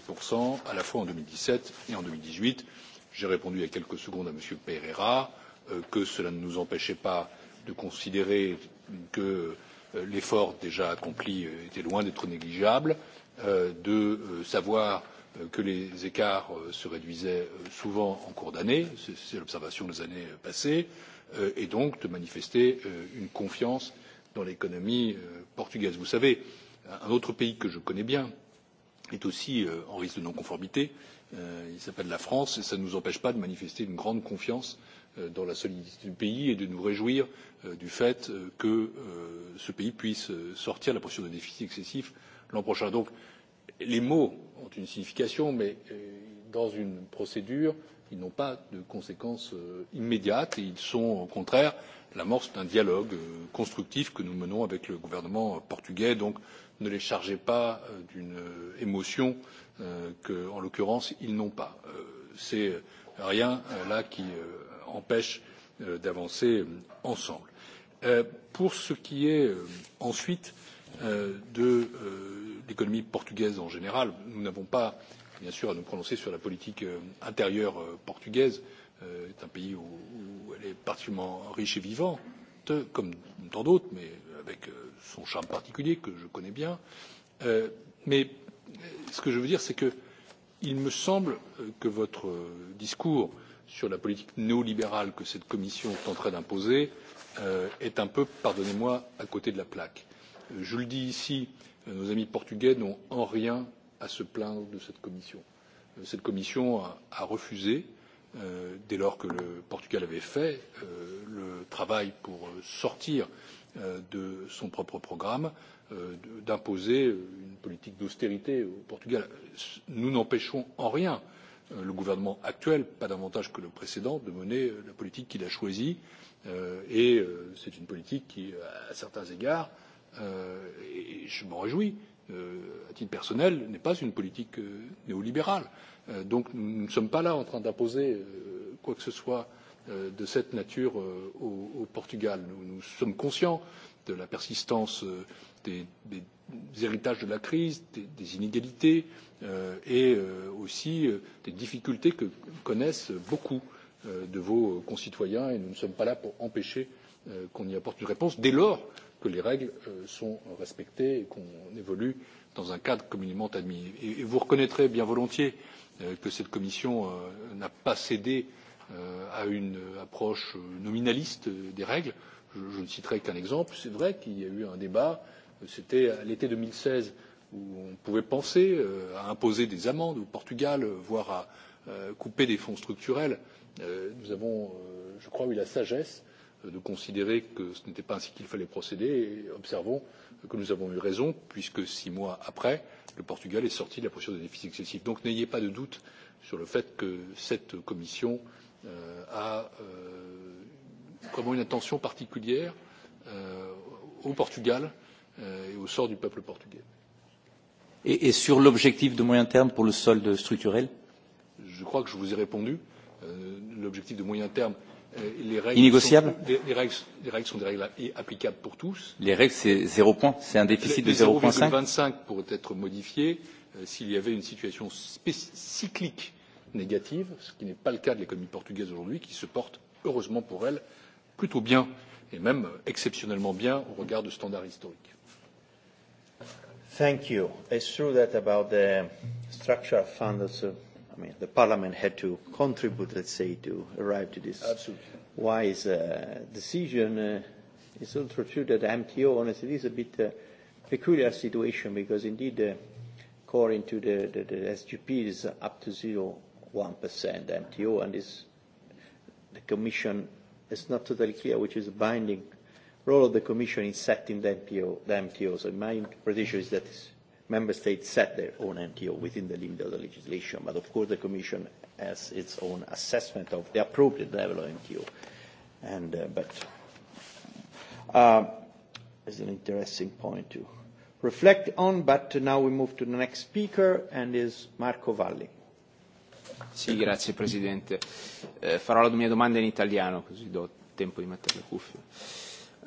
à la fois en deux mille dix sept et en. deux mille dix huit j'ai répondu il y a quelques secondes à m. pereira euh, que cela ne nous empêchait pas de considérer que euh, l'effort déjà accompli était loin d'être négligeable de savoir que les écarts se réduisaient souvent en cours d'année c'est l'observation des années passées et donc de manifester une confiance dans l'économie portugaise. vous savez un autre pays que je connais bien est aussi euh, en risque de non conformité euh, il s'appelle la france et cela ne nous empêche pas de manifester une grande confiance euh, dans la solidité du pays et de nous réjouir du fait que ce pays puisse sortir de la pression de déficit excessif l'an prochain. donc les mots ont une signification mais dans une procédure ils n'ont pas de conséquences immédiates et ils sont au contraire l'amorce d'un dialogue constructif que nous menons avec le gouvernement portugais ne les chargeait pas euh, d'une euh, émotion euh, qu'en l'occurrence ils n'ont pas. c'est rien là qui empêche d'avancer ensemble. pour ce qui est ensuite de l'économie portugaise en général nous n'avons pas bien sûr à nous prononcer sur la politique intérieure portugaise c'est un pays où elle est particulièrement riche et vivante comme tant d'autres mais avec euh, son charme particulier que je connais bien euh, mais euh, ce que je veux dire c'est qu'il me semble que votre discours sur la politique néolibérale que cette commission tenterait d'imposer est un peu pardonnez moi à côté de la plaque. je le dis ici nos amis portugais n'ont en rien à se plaindre de cette commission. cette commission a refusé dès lors que le portugal avait fait le travail pour sortir Euh, de son propre programme euh, d'imposer une politique d'austérité au portugal. nous n'empêchons en rien euh, le gouvernement actuel pas davantage que le précédent de mener la politique qu'il a choisie et c'est une politique qui à certains égards et je m'en réjouis à titre personnel n'est pas une politique néolibérale. donc nous ne sommes pas là en train d'imposer quoi que ce soit Euh, de cette nature euh, au portugal. nous sommes conscients de la persistance euh, des héritages de la crise des inégalités et aussi des difficultés que connaissent beaucoup de vos concitoyens et nous ne sommes pas là pour empêcher qu'on y apporte une réponse dès lors que les règles sont respectées et qu'on évolue dans un cadre communément admis. et vous reconnaîtrez bien volontiers que cette commission n'a pas cédé Euh, à une approche nominaliste des règles. Je, je ne citerai qu'un exemple. C'est vrai qu'il y a eu un débat. C'était à l'été 2016 où on pouvait penser euh, à imposer des amendes au Portugal, voire à euh, couper des fonds structurels. Euh, nous avons, euh, je crois, eu la sagesse euh, de considérer que ce n'était pas ainsi qu'il fallait procéder et observons que nous avons eu raison puisque six mois après, le Portugal est sorti de la pression des déficits excessifs. Donc n'ayez pas de doute sur le fait que cette commission euh, Euh, a vraiment euh, une attention particulière euh, au Portugal et au sort du peuple portugais. Et, et sur l'objectif de moyen terme pour le solde structurel Je crois que je vous ai répondu. L'objectif de moyen terme, les règles, Innégociable. Sont, les, les, règles, les règles sont des règles applicables pour tous. Les règles, c'est zéro point, c'est un déficit les, les de 0,25 pourrait être modifié euh, s'il y avait une situation cyclique euh, négative ce qui n'est pas le cas de l'économie portugaise aujourd'hui qui se porte heureusement pour elle plutôt bien et même exceptionnellement bien au regard de standards historiques. Thank you. It's true that about the structural fund, also, I mean, the Parliament had to contribute, let's say, to arrive to this Absolutely. wise uh, decision. Uh, it's also true that the MTO, honestly, it is a bit uh, peculiar situation because indeed, uh, according to the, the, the SGP, is up to 1% MTO, and is the commission, it's not totally clear which is binding role of the commission in setting the MTO, the MTO. My interpretation is that member states set their own MTO within the limit of the legislation. Of course, the commission has its own assessment of the appropriate level of MTO. It's uh, uh, an interesting point to reflect on, but now we move to the next speaker, and is Marco Valli. Sì, grazie Presidente. Eh, farò la mia domanda in italiano, così do tempo di mettere le cuffie.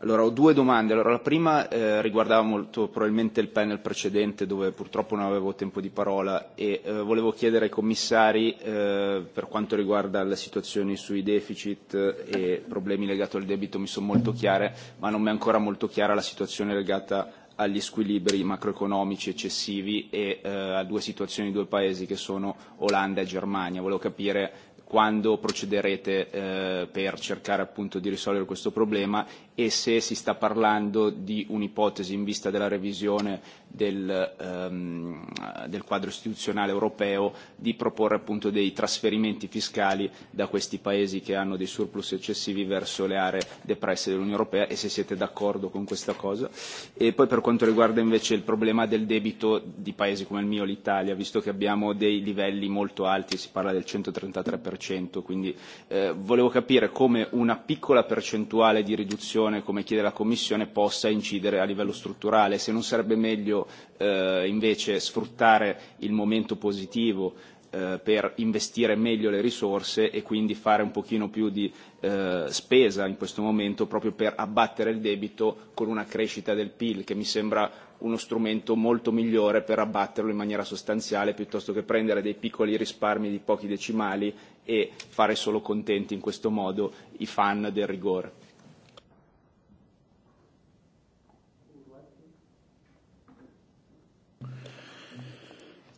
Allora, ho due domande. Allora, la prima eh, riguardava molto probabilmente il panel precedente, dove purtroppo non avevo tempo di parola, e eh, volevo chiedere ai commissari, eh, per quanto riguarda le situazioni sui deficit e problemi legati al debito, mi sono molto chiare, ma non mi è ancora molto chiara la situazione legata agli squilibri macroeconomici eccessivi e eh, a due situazioni di due paesi che sono Olanda e Germania. Volevo capire quando procederete eh, per cercare appunto di risolvere questo problema e se si sta parlando di un'ipotesi in vista della revisione del, ehm, del quadro istituzionale europeo di proporre appunto dei trasferimenti fiscali da questi paesi che hanno dei surplus eccessivi verso le aree depresse dell'Unione Europea e se siete d'accordo con questa cosa. E poi per quanto riguarda invece il problema del debito di paesi come il mio, l'Italia, visto che abbiamo dei livelli molto alti, si parla del 133%, quindi eh, volevo capire come una piccola percentuale di riduzione decisione, come chiede la Commissione, possa incidere a livello strutturale. Se non sarebbe meglio eh, invece sfruttare il momento positivo eh, per investire meglio le risorse e quindi fare un pochino più di eh, spesa in questo momento proprio per abbattere il debito con una crescita del PIL che mi sembra uno strumento molto migliore per abbatterlo in maniera sostanziale piuttosto che prendere dei piccoli risparmi di pochi decimali e fare solo contenti in questo modo i fan del rigore.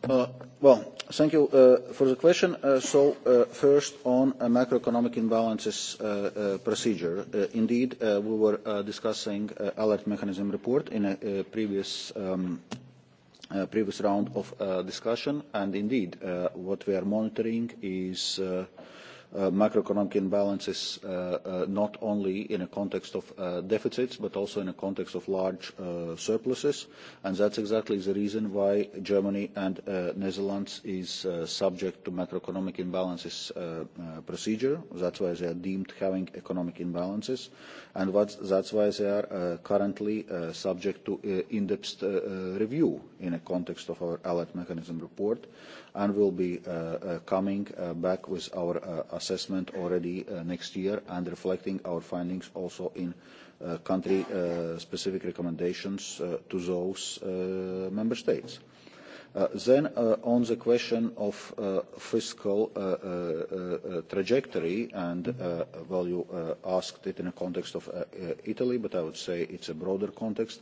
Uh, well, thank you uh, for the question. Uh, so, uh, first on a uh, macroeconomic imbalances uh, uh, procedure. Uh, indeed, uh, we were uh, discussing uh, alert mechanism report in a, a uh, previous um, uh, previous round of uh, discussion, and indeed, uh, what we are monitoring is. Uh, Uh, macroeconomic imbalances uh, uh, not only in a context of uh, deficits but also in a context of large uh, surpluses and that's exactly the reason why Germany and uh, Netherlands is uh, subject to macroeconomic imbalances uh, uh, procedure that's why they are deemed having economic imbalances and what's, that's why they are uh, currently uh, subject to uh, in-depth uh, uh, review in a context of our alert mechanism report and will be uh, uh, coming uh, back with our uh, assessment already uh, next year and reflecting our findings also in uh, country-specific uh, recommendations to those member states. Then, on the question of fiscal trajectory, and well, you asked it in a context of Italy, but I would say it's a broader context.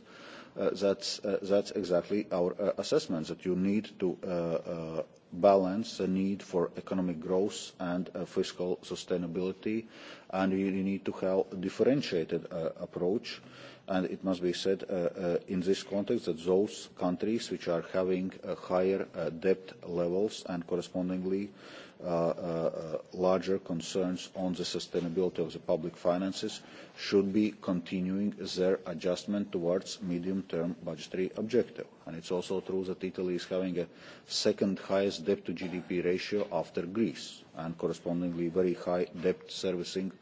Uh, that's uh, that's exactly our uh, assessment that you need to uh, uh, balance the need for economic growth and uh, fiscal sustainability and you need to have a differentiated uh, approach and it must be said uh, uh, in this context that those countries which are having uh, higher uh, debt levels and correspondingly uh, Uh, uh, larger concerns on the sustainability of the public finances should be continuing their adjustment towards medium-term budgetary objective. And it's also true that Italy is having a second highest debt to GDP ratio after Greece and correspondingly very high debt servicing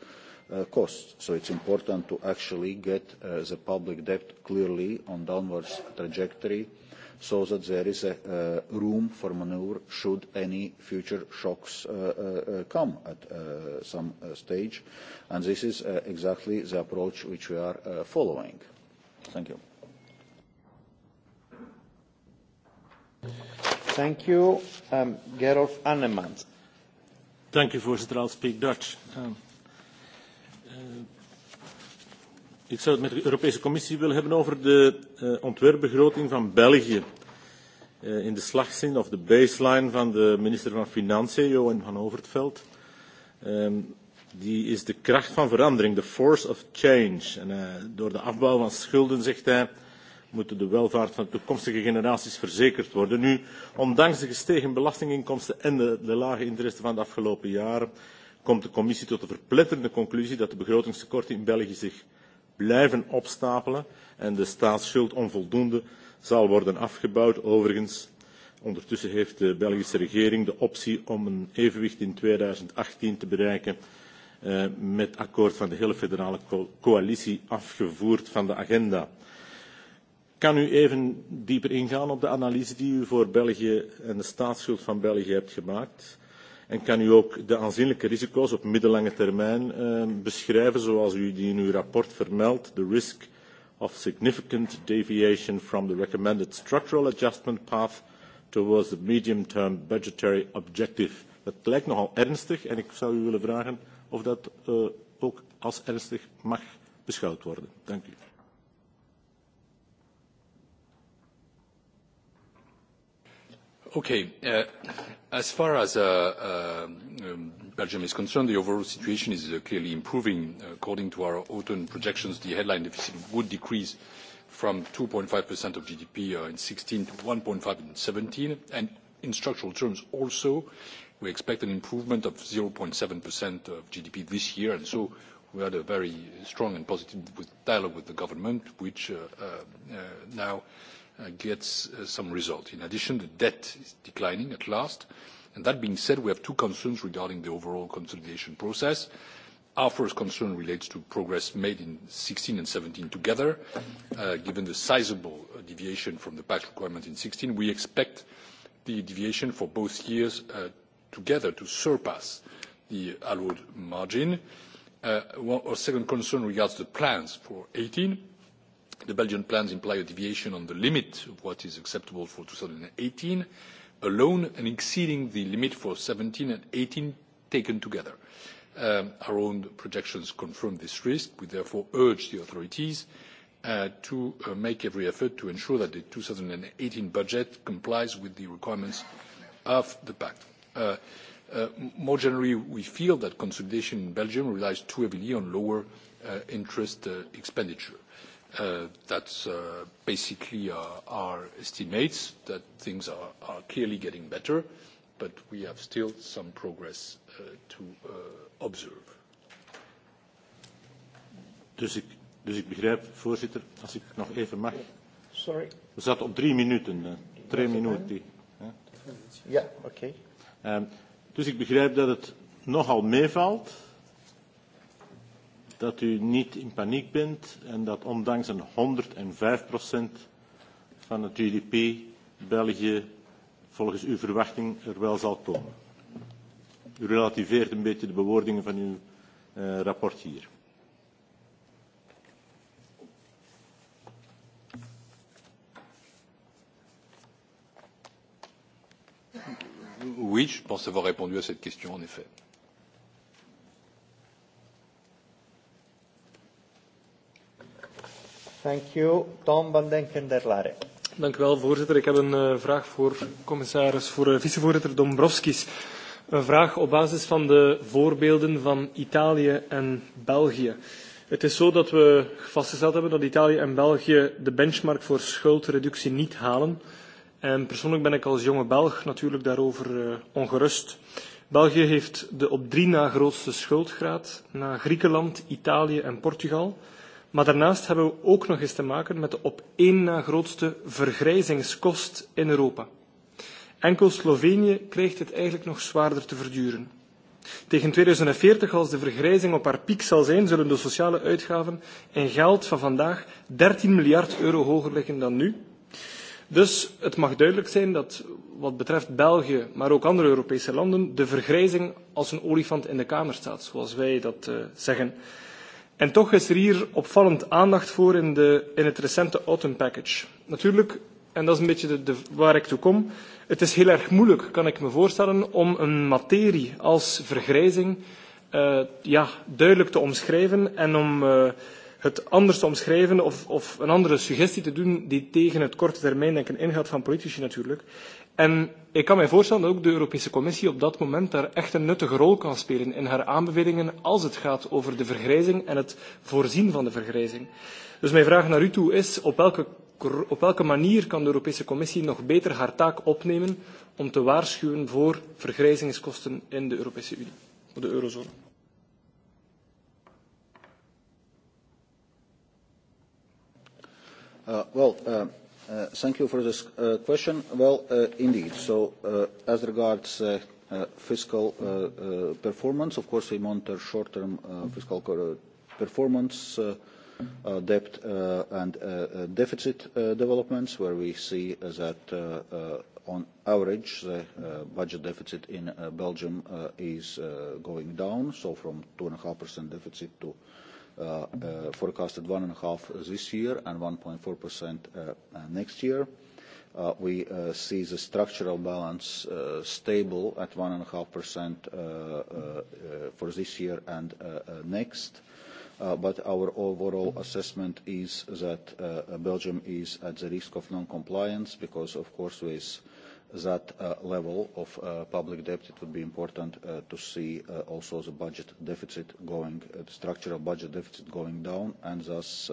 uh, costs. So it's important to actually get uh, the public debt clearly on downwards trajectory uh, so that there is a room for maneuver should any future shocks uh, uh, uh, come at some stage. This is exactly the approach which we are following. Thank you. Thank you. Um, Gerolf Anemans. Thank you, Voorzitter. I'll speak Dutch. Um, Ik zou het met de Europese Commissie willen hebben over de uh, ontwerpbegroting van België. Uh, in de slagzin of de baseline van de minister van Financiën, Johan van Overtveld. Um, die is de kracht van verandering, de force of change. En, uh, door de afbouw van schulden, zegt hij, moeten de welvaart van toekomstige generaties verzekerd worden. Nu, ondanks de gestegen belastinginkomsten en de, de lage interesse van de afgelopen jaren, komt de commissie tot de verpletterende conclusie dat de begrotingstekorten in België zichић›› blijven opstapelen en de staatsschuld onvoldoende zal worden afgebouwd. Overigens, ondertussen heeft de Belgische regering de optie om een evenwicht in 2018 te bereiken eh, met akkoord van de hele federale coalitie afgevoerd van de agenda. Kan u even dieper ingaan op de analyse die u voor België en de staatsschuld van België hebt gemaakt? Uh, En kan u ook de aanzienlijke risico's op middellange termijn eh, beschrijven zoals u die in uw rapport vermeldt, de risk of significant deviation from the recommended structural adjustment path towards the medium term budgetary objective. Dat lijkt nogal ernstig en ik zou u willen vragen of dat eh, ook als ernstig mag beschouwd worden. Dank u. Okay. Uh, as far as uh, uh, um, Belgium is concerned, the overall situation is clearly improving. According to our autumn projections, the headline deficit would decrease from 2.5% of GDP in 2016 to 1.5% in 2017. In structural terms also, we expect an improvement of 0.7% of GDP this year. We had a very strong and positive dialogue with the government, which now Uh, gets uh, some result. In addition, the debt is declining at last. That being said, we have two concerns regarding the overall consolidation process. Our first concern relates to progress made in 2016 and 2017 together. Uh, given the sizable deviation from the PAX requirement in 2016, we expect the deviation for both years together to surpass the allowed margin. Our second concern regards the plans for 2018 the belgian plans imply a deviation on the limit of what is acceptable for two thousand and eighteen alone and exceeding the limit for two thousand and seventeen and two thousand and eighteen taken together. Um, our own projections confirm this risk. we therefore urge the authorities uh, to uh, make every effort to ensure that the two thousand and eighteen budget complies with the requirements of the pact. Uh, more generally we feel that consolidation in belgium relies too heavily on lower interest expenditure. Uh, that's uh, basically uh, our estimates that things are clearly getting better, but we have still some progress to observe. Dus ik begrijp, voorzitter, als ik nog even mag. Sorry. We zaten op drie minuten. Drie eh, minuten. Ja, oké. Ehm, dus ik begrijp dat het nogal meevalt, dat u niet in paniek bent en dat ondanks een 105% van het GDP België volgens uw verwachting er wel zal komen. U relativeert een beetje de bewoordingen van uw eh, rapport hier. Oui, je pense avoir répondu à cette question en effet. voorzitter. Ik heb een eh, vraag voor commissaris, voor eh, vicevoorzitter Dombrovskis. Een vraag op basis van de voorbeelden van Italië en België. Het is zo dat we vastgesteld hebben dat Italië en België de benchmark voor schuldreductie niet halen. En persoonlijk ben ik als jonge Belg natuurlijk daarover eh, ongerust. België heeft de op drie na grootste schuldgraad na Griekenland, Italië en Portugal. Maar daarnaast hebben we ook nog eens te maken met de op één na grootste vergrijzingskost in Europa. Enkel Slovenië krijgt het eigenlijk nog zwaarder te verduren. Tegen 2040, als de vergrijzing op haar piek zal zijn, zullen de sociale uitgaven in geld van vandaag 13 miljard euro hoger liggen dan nu. Dus het mag duidelijk zijn dat wat betreft België, maar ook andere Europese landen, de vergrijzing als een olifant in de kamer staat, zoals wij dat uh, zeggen. En toch is er hier opvallend aandacht voor in, de, in het recente Autumn Package. Natuurlijk, en dat is een beetje de, de, waar ik toe kom, het is heel erg moeilijk, kan ik me voorstellen, om een materie als vergrijzing uh, ja, duidelijk te omschrijven en om uh, het anders te omschrijven of, of een andere suggestie te doen die tegen het korte termijn denken ingaat van politici natuurlijk. En ik kan mij voorstellen dat ook de Europese Commissie op dat moment daar echt een nuttige rol kan spelen in haar aanbevelingen als het gaat over de vergrijzing en het voorzien van de vergrijzing. Dus mijn vraag naar u toe is, op welke, op welke manier kan de Europese Commissie nog beter haar taak opnemen om te waarschuwen voor vergrijzingskosten in de Europese Unie, of de eurozone? Uh, well, uh... Uh, thank you for this uh, question. Well, uh, indeed. So, as regards fiscal performance, of course, we monitor short-term fiscal performance, debt, and deficit developments, where we see that, on average, the budget deficit in Belgium is going down, so from 2.5% deficit to Uh, uh, forecasted 1.5% this year and 1.4% uh, next year. We see the structural balance stable at 1.5% for this year and next. But our overall assessment is that Belgium is at the risk of non-compliance because, of course, with that uh, level of uh, public debt, it would be important uh, to see also the budget deficit going, the structural budget deficit going down, and thus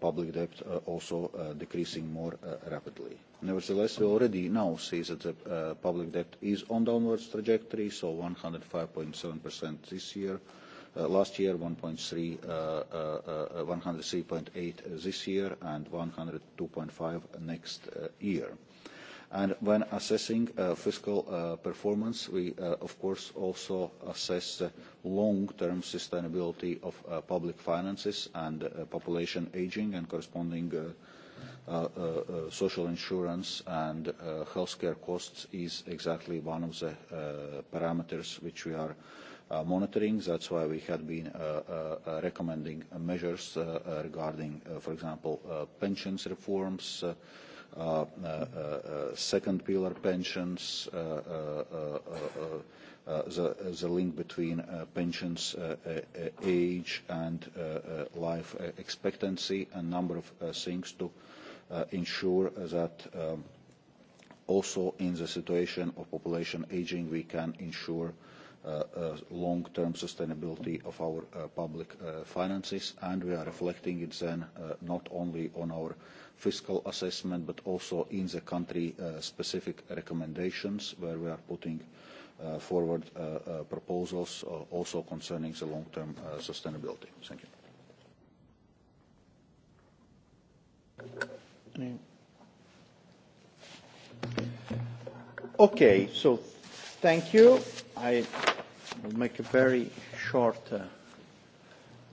public debt also decreasing more rapidly. Nevertheless, we already now see that the public debt is on downwards trajectory, so 105.7% this year. Last year, 103.8% this year, and 102.5% next year. When assessing uh, fiscal uh, performance, we uh, of course also assess long-term sustainability of public finances and population aging and corresponding social insurance and healthcare costs is exactly one of the parameters which we are monitoring. That's why we have been recommending measures regarding, for example, pensions reforms, Uh, uh, uh, second pillar pensions, the link between pensions age and life expectancy, a number of things to ensure that um, also in the situation of population aging, we can ensure long-term sustainability of our public finances. And we are reflecting it then not only on our fiscal assessment, but also in the country-specific uh, recommendations, where we are putting uh, forward uh, proposals also concerning the long-term sustainability. Thank you. Okay, so thank you. I will make a very short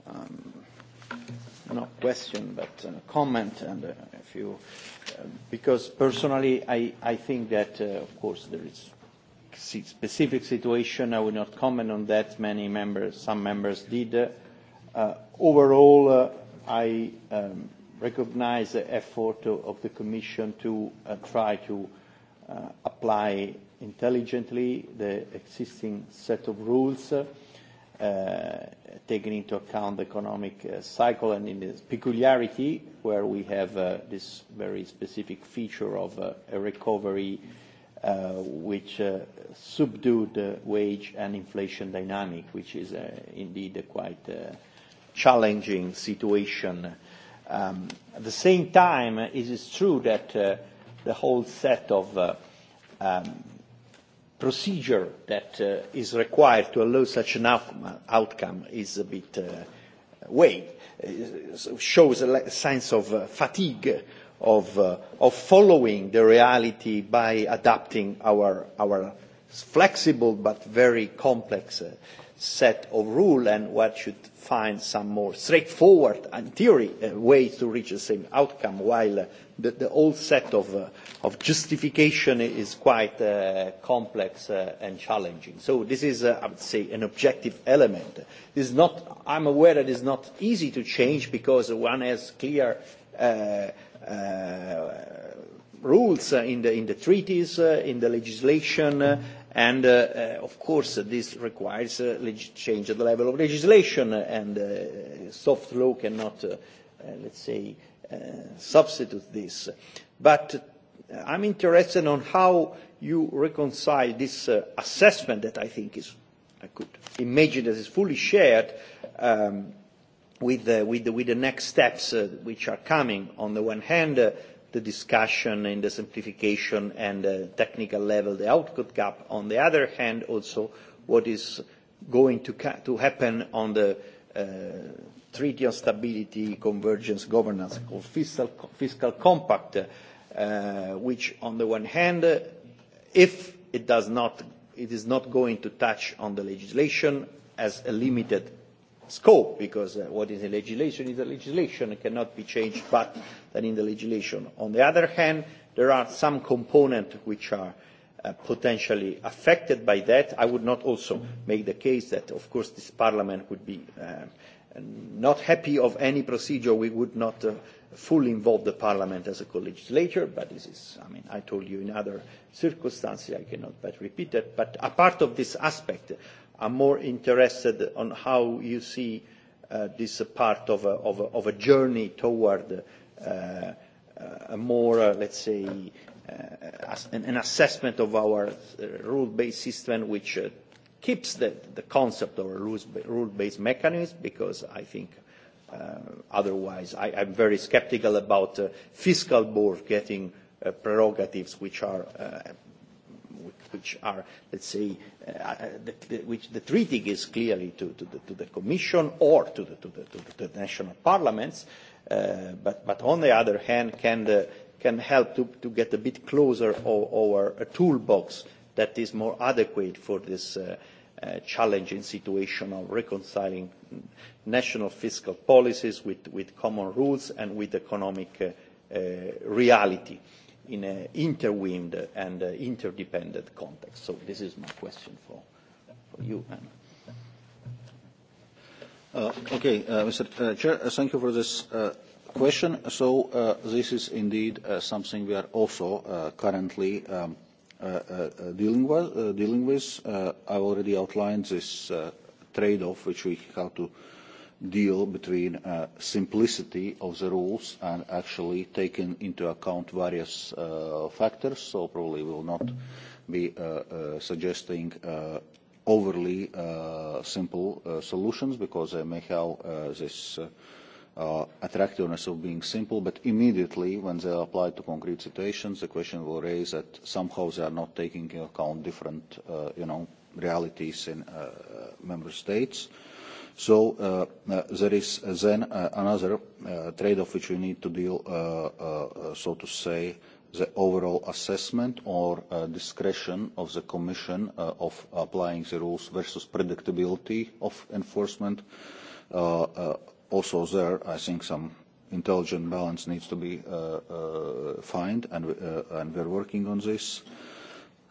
um, not question, but uh, comment, and uh, if you, uh, because personally, I, I think that, uh, of course, there is specific situation. I will not comment on that. Many members, some members did. Uh, overall, uh, I um, recognize the effort to, of the Commission to uh, try to uh, apply intelligently the existing set of rules. Uh, Uh, taking into account the economic uh, cycle and in its peculiarity, where we have uh, this very specific feature of a recovery which subdued wage and inflation dynamic, which is indeed a quite challenging situation. Um, at the same time, it is true that the whole set of um, procedure that uh, is required to allow such an out- outcome is a bit uh, way uh, shows a sense of uh, fatigue of uh, of following the reality by adapting our our flexible but very complex uh, set of rules and what should find some more straightforward and theory uh, way to reach the same outcome while uh, the, the whole set of, uh, of justification is quite uh, complex uh, and challenging. So this is, uh, I would say, an objective element. This is not, I'm aware that it's not easy to change because one has clear uh, uh, rules in the, in the treaties, uh, in the legislation, uh, and uh, uh, of course this requires a change at the level of legislation and uh, soft law cannot uh, uh, let's say uh, substitute this but i'm interested on how you reconcile this uh, assessment that i think is i could imagine that is fully shared um, with, uh, with, the, with the next steps uh, which are coming on the one hand uh, the discussion and the simplification and the technical level, the output gap. On the other hand, also, what is going to happen on the uh, treaty on stability, convergence, governance, or fiscal compact, uh, which on the one hand, if it is not going to touch on the legislation, has a limited scope, because uh, what is a legislation is a legislation. It cannot be changed, but than in the legislation. On the other hand, there are some components which are uh, potentially affected by that. I would not also make the case that, of course, this Parliament would be uh, not happy of any procedure. We would not uh, fully involve the Parliament as a co-legislator, but this is, I mean, I told you in other circumstances, I cannot but repeat that. But a part of this aspect, I'm more interested on how you see uh, this part of a, of, a, of a journey toward uh, Uh, a more, uh, let's say, uh, an assessment of our rule-based system, which keeps the concept of a rule-based mechanism, because I think otherwise, I'm very skeptical about fiscal board getting prerogatives which are, let's say, which the treaty is clearly to the commission or to the national parliaments. Uh, but on the other hand can the, can help to, to get a bit closer our, our a toolbox that is more adequate for this uh, uh, challenging situation of reconciling national fiscal policies with, with common rules and with economic uh, uh, reality in an interwined and uh, interdependent context. So this is my question for, for you, Anna. Uh, okay, uh, Mr. Uh, Chair, uh, thank you for this uh, question. So uh, this is indeed uh, something we are also uh, currently um, uh, uh, uh dealing with. Uh, dealing with. Uh, I already outlined this uh, trade-off which we have to deal between uh, simplicity of the rules and actually taking into account various uh, factors, so probably we will not be uh, uh, suggesting uh, overly uh, simple uh, solutions because they uh, may have uh, this uh, uh, attractiveness of being simple, but immediately when they are applied to concrete situations, the question will raise that somehow they are not taking into account different uh, you know, realities in uh, member states. So uh, uh, there is then uh, another uh, trade-off which we need to deal, uh, uh, uh, so to say, uh, the overall assessment or uh, discretion of the Commission uh, of applying the rules versus predictability of enforcement. Uh, uh, also there, I think some intelligent balance needs to be uh, uh, found, and, uh, and we're working on this. Uh,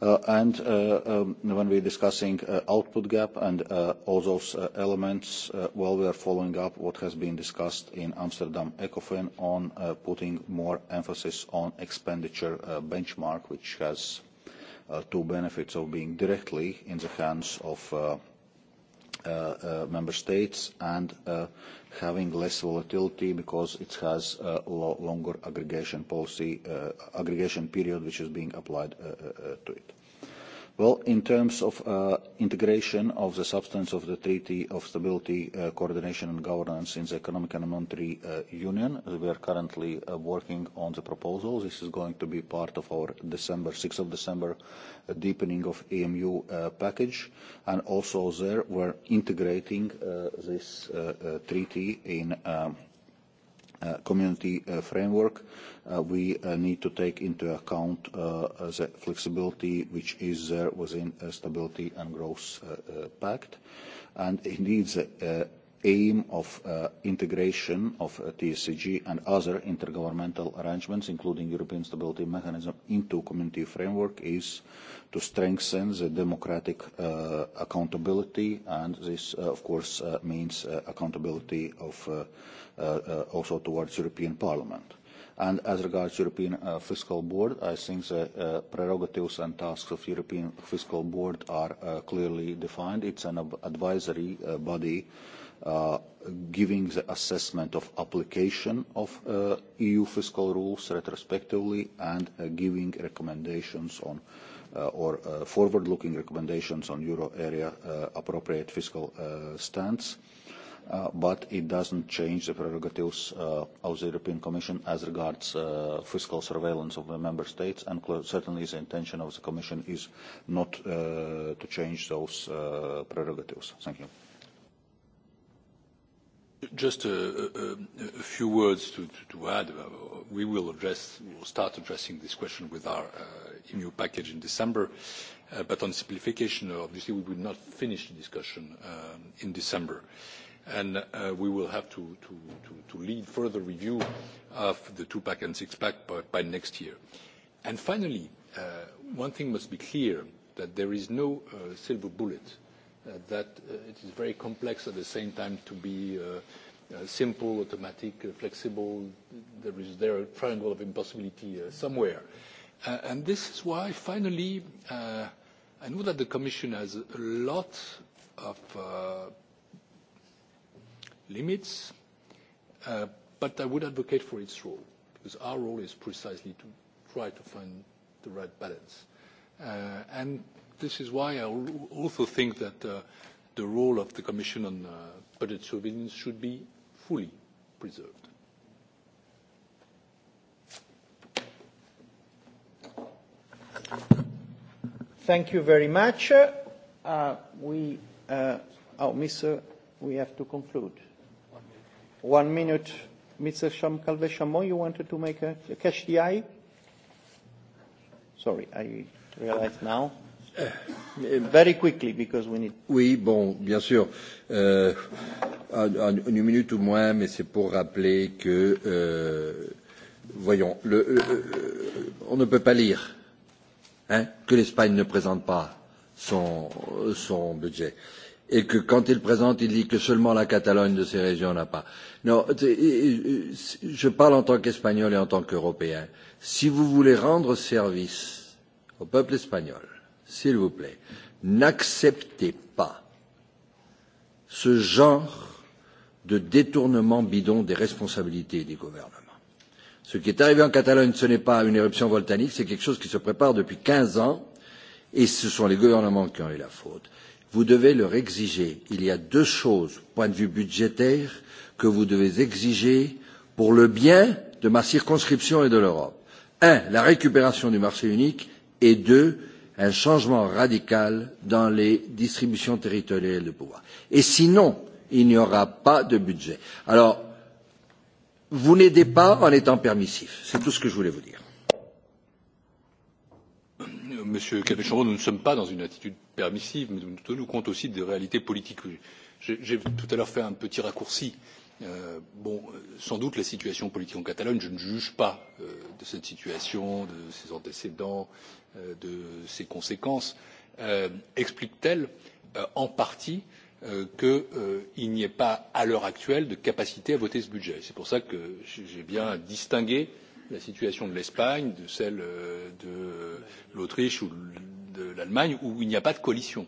Uh, uh, um, when we're discussing uh, output gap and all those elements, well, we are following up what has been discussed in Amsterdam ECOFIN on putting more emphasis on expenditure benchmark, which has two benefits of being directly in the hands of Uh, uh, member states and uh, having less volatility because it has a lo longer aggregation policy uh, aggregation period which is being applied uh, uh, uh to it. Well, in terms of uh, integration of the substance of the Treaty of Stability, uh, Coordination and Governance in the Economic and Monetary uh, Union, we are currently uh, working on the proposal. This is going to be part of our December, 6th of December, uh, deepening of EMU uh, package. And also there, we're integrating uh, this uh, uh, treaty in um, Uh, community uh, framework, uh, we uh, need to take into account uh, uh the flexibility which is there within a uh, stability and growth uh, uh, pact. And indeed, the uh, aim of uh, integration of uh, TSCG and other intergovernmental arrangements, including European Stability Mechanism, into community framework is to strengthen the democratic uh, accountability, and this, of course, means accountability of also towards European Parliament. And as regards European Fiscal Board, I think the prerogatives and tasks of European Fiscal Board are clearly defined. It's an advisory body Uh, giving the assessment of application of uh, EU fiscal rules retrospectively and uh, giving recommendations on uh, or uh, forward-looking recommendations on euro area uh, appropriate fiscal uh, stance. Uh, but it doesn't change the prerogatives uh, of the European Commission as regards uh, fiscal surveillance of the member states, and cl- certainly the intention of the Commission is not uh, to change those uh, prerogatives. Thank you just a few words to add. Uh, we will address or start addressing this question with our new uh, package in December. Uh, on simplification, obviously, we will not finish the discussion um, in December. We will have to lead further review of the two-pack and six-pack by next year. Finally, one thing must be clear, that there is no silver bullet Uh, that uh, it is very complex at the same time to be uh, simple, automatic, flexible. There is a triangle of impossibility somewhere. And this is why, finally, I know that the Commission has a lot of limits, but I would advocate for its role because our role is precisely to try to find the right balance. And this is why I also think that uh, the role of the Commission on uh, budget surveillance should be fully preserved. Thank you very much. Uh, we, uh, oh, Mr. We have to conclude. One minute. One minute. Mr. Sham Calveshamon, you wanted to make a, a catch the eye? Sorry, I realize now. Very quickly, because we need... Oui, bon, bien sûr. Euh, une minute ou moins, mais c'est pour rappeler que, euh, voyons, le, le, euh, euh, on ne peut pas lire hein, que l'Espagne ne présente pas son, son budget. Et que quand il présente, il dit que seulement la Catalogne de ces régions n'a pas. Non, je parle en tant qu'Espagnol et en tant qu'Européen. Si vous voulez rendre service au peuple espagnol, s'il vous plaît, n'acceptez pas ce genre de détournement bidon des responsabilités des gouvernements. Ce qui est arrivé en Catalogne, ce n'est pas une éruption volcanique, c'est quelque chose qui se prépare depuis 15 ans et ce sont les gouvernements qui ont eu la faute. Vous devez leur exiger. Il y a deux choses, point de vue budgétaire, que vous devez exiger pour le bien de ma circonscription et de l'Europe. Un, la récupération du marché unique et deux, un changement radical dans les distributions territoriales de pouvoir et sinon il n'y aura pas de budget. alors vous n'aidez pas en étant permissif c'est tout ce que je voulais vous dire. monsieur caprivi nous ne sommes pas dans une attitude permissive mais nous tenons compte aussi des réalités politiques. j'ai tout à l'heure fait un petit raccourci Euh, bon euh, sans doute la situation politique en catalogne je ne juge pas euh, de cette situation de ses antécédents de ses conséquences explique t elle en partie qu'il n'y ait pas à l'heure actuelle de capacité à voter ce budget. c'est pour cela que j'ai bien distingué la situation de l'espagne de celle de l'autriche ou de l'allemagne où il n'y a pas de coalition.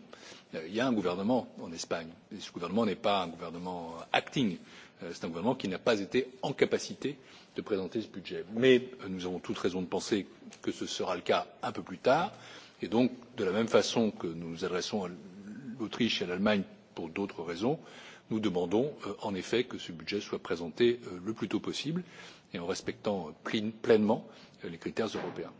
il y a un gouvernement en espagne et ce gouvernement n'est pas un gouvernement acting. Euh, c'est un gouvernement qui n'a pas été en capacité de présenter ce budget mais euh, nous avons toute raison de penser que ce sera le cas un peu plus tard et donc de la même façon que nous nous adressons à l'autriche et à l'allemagne pour d'autres raisons nous demandons euh, en effet que ce budget soit présenté le plus tôt possible et en respectant pleinement les critères européens.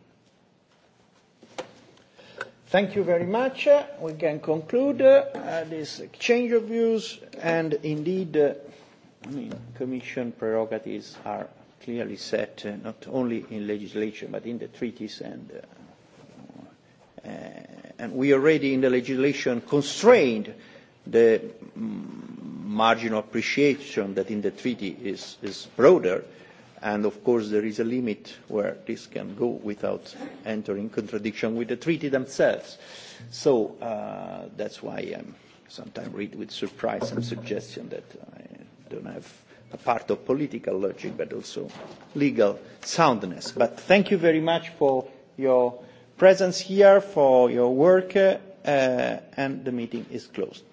Thank you very much. We can conclude uh, this exchange of views and indeed uh Commission prerogatives are clearly set uh, not only in legislation but in the treaties and, uh, uh, and we already in the legislation constrained the um, marginal appreciation that in the treaty is, is broader and of course there is a limit where this can go without entering contradiction with the treaty themselves. So uh, that's why I'm sometimes read with surprise some suggestion that I, uh, don't have a part of political logic, but also legal soundness. But thank you very much for your presence here, for your work, uh, and the meeting is closed.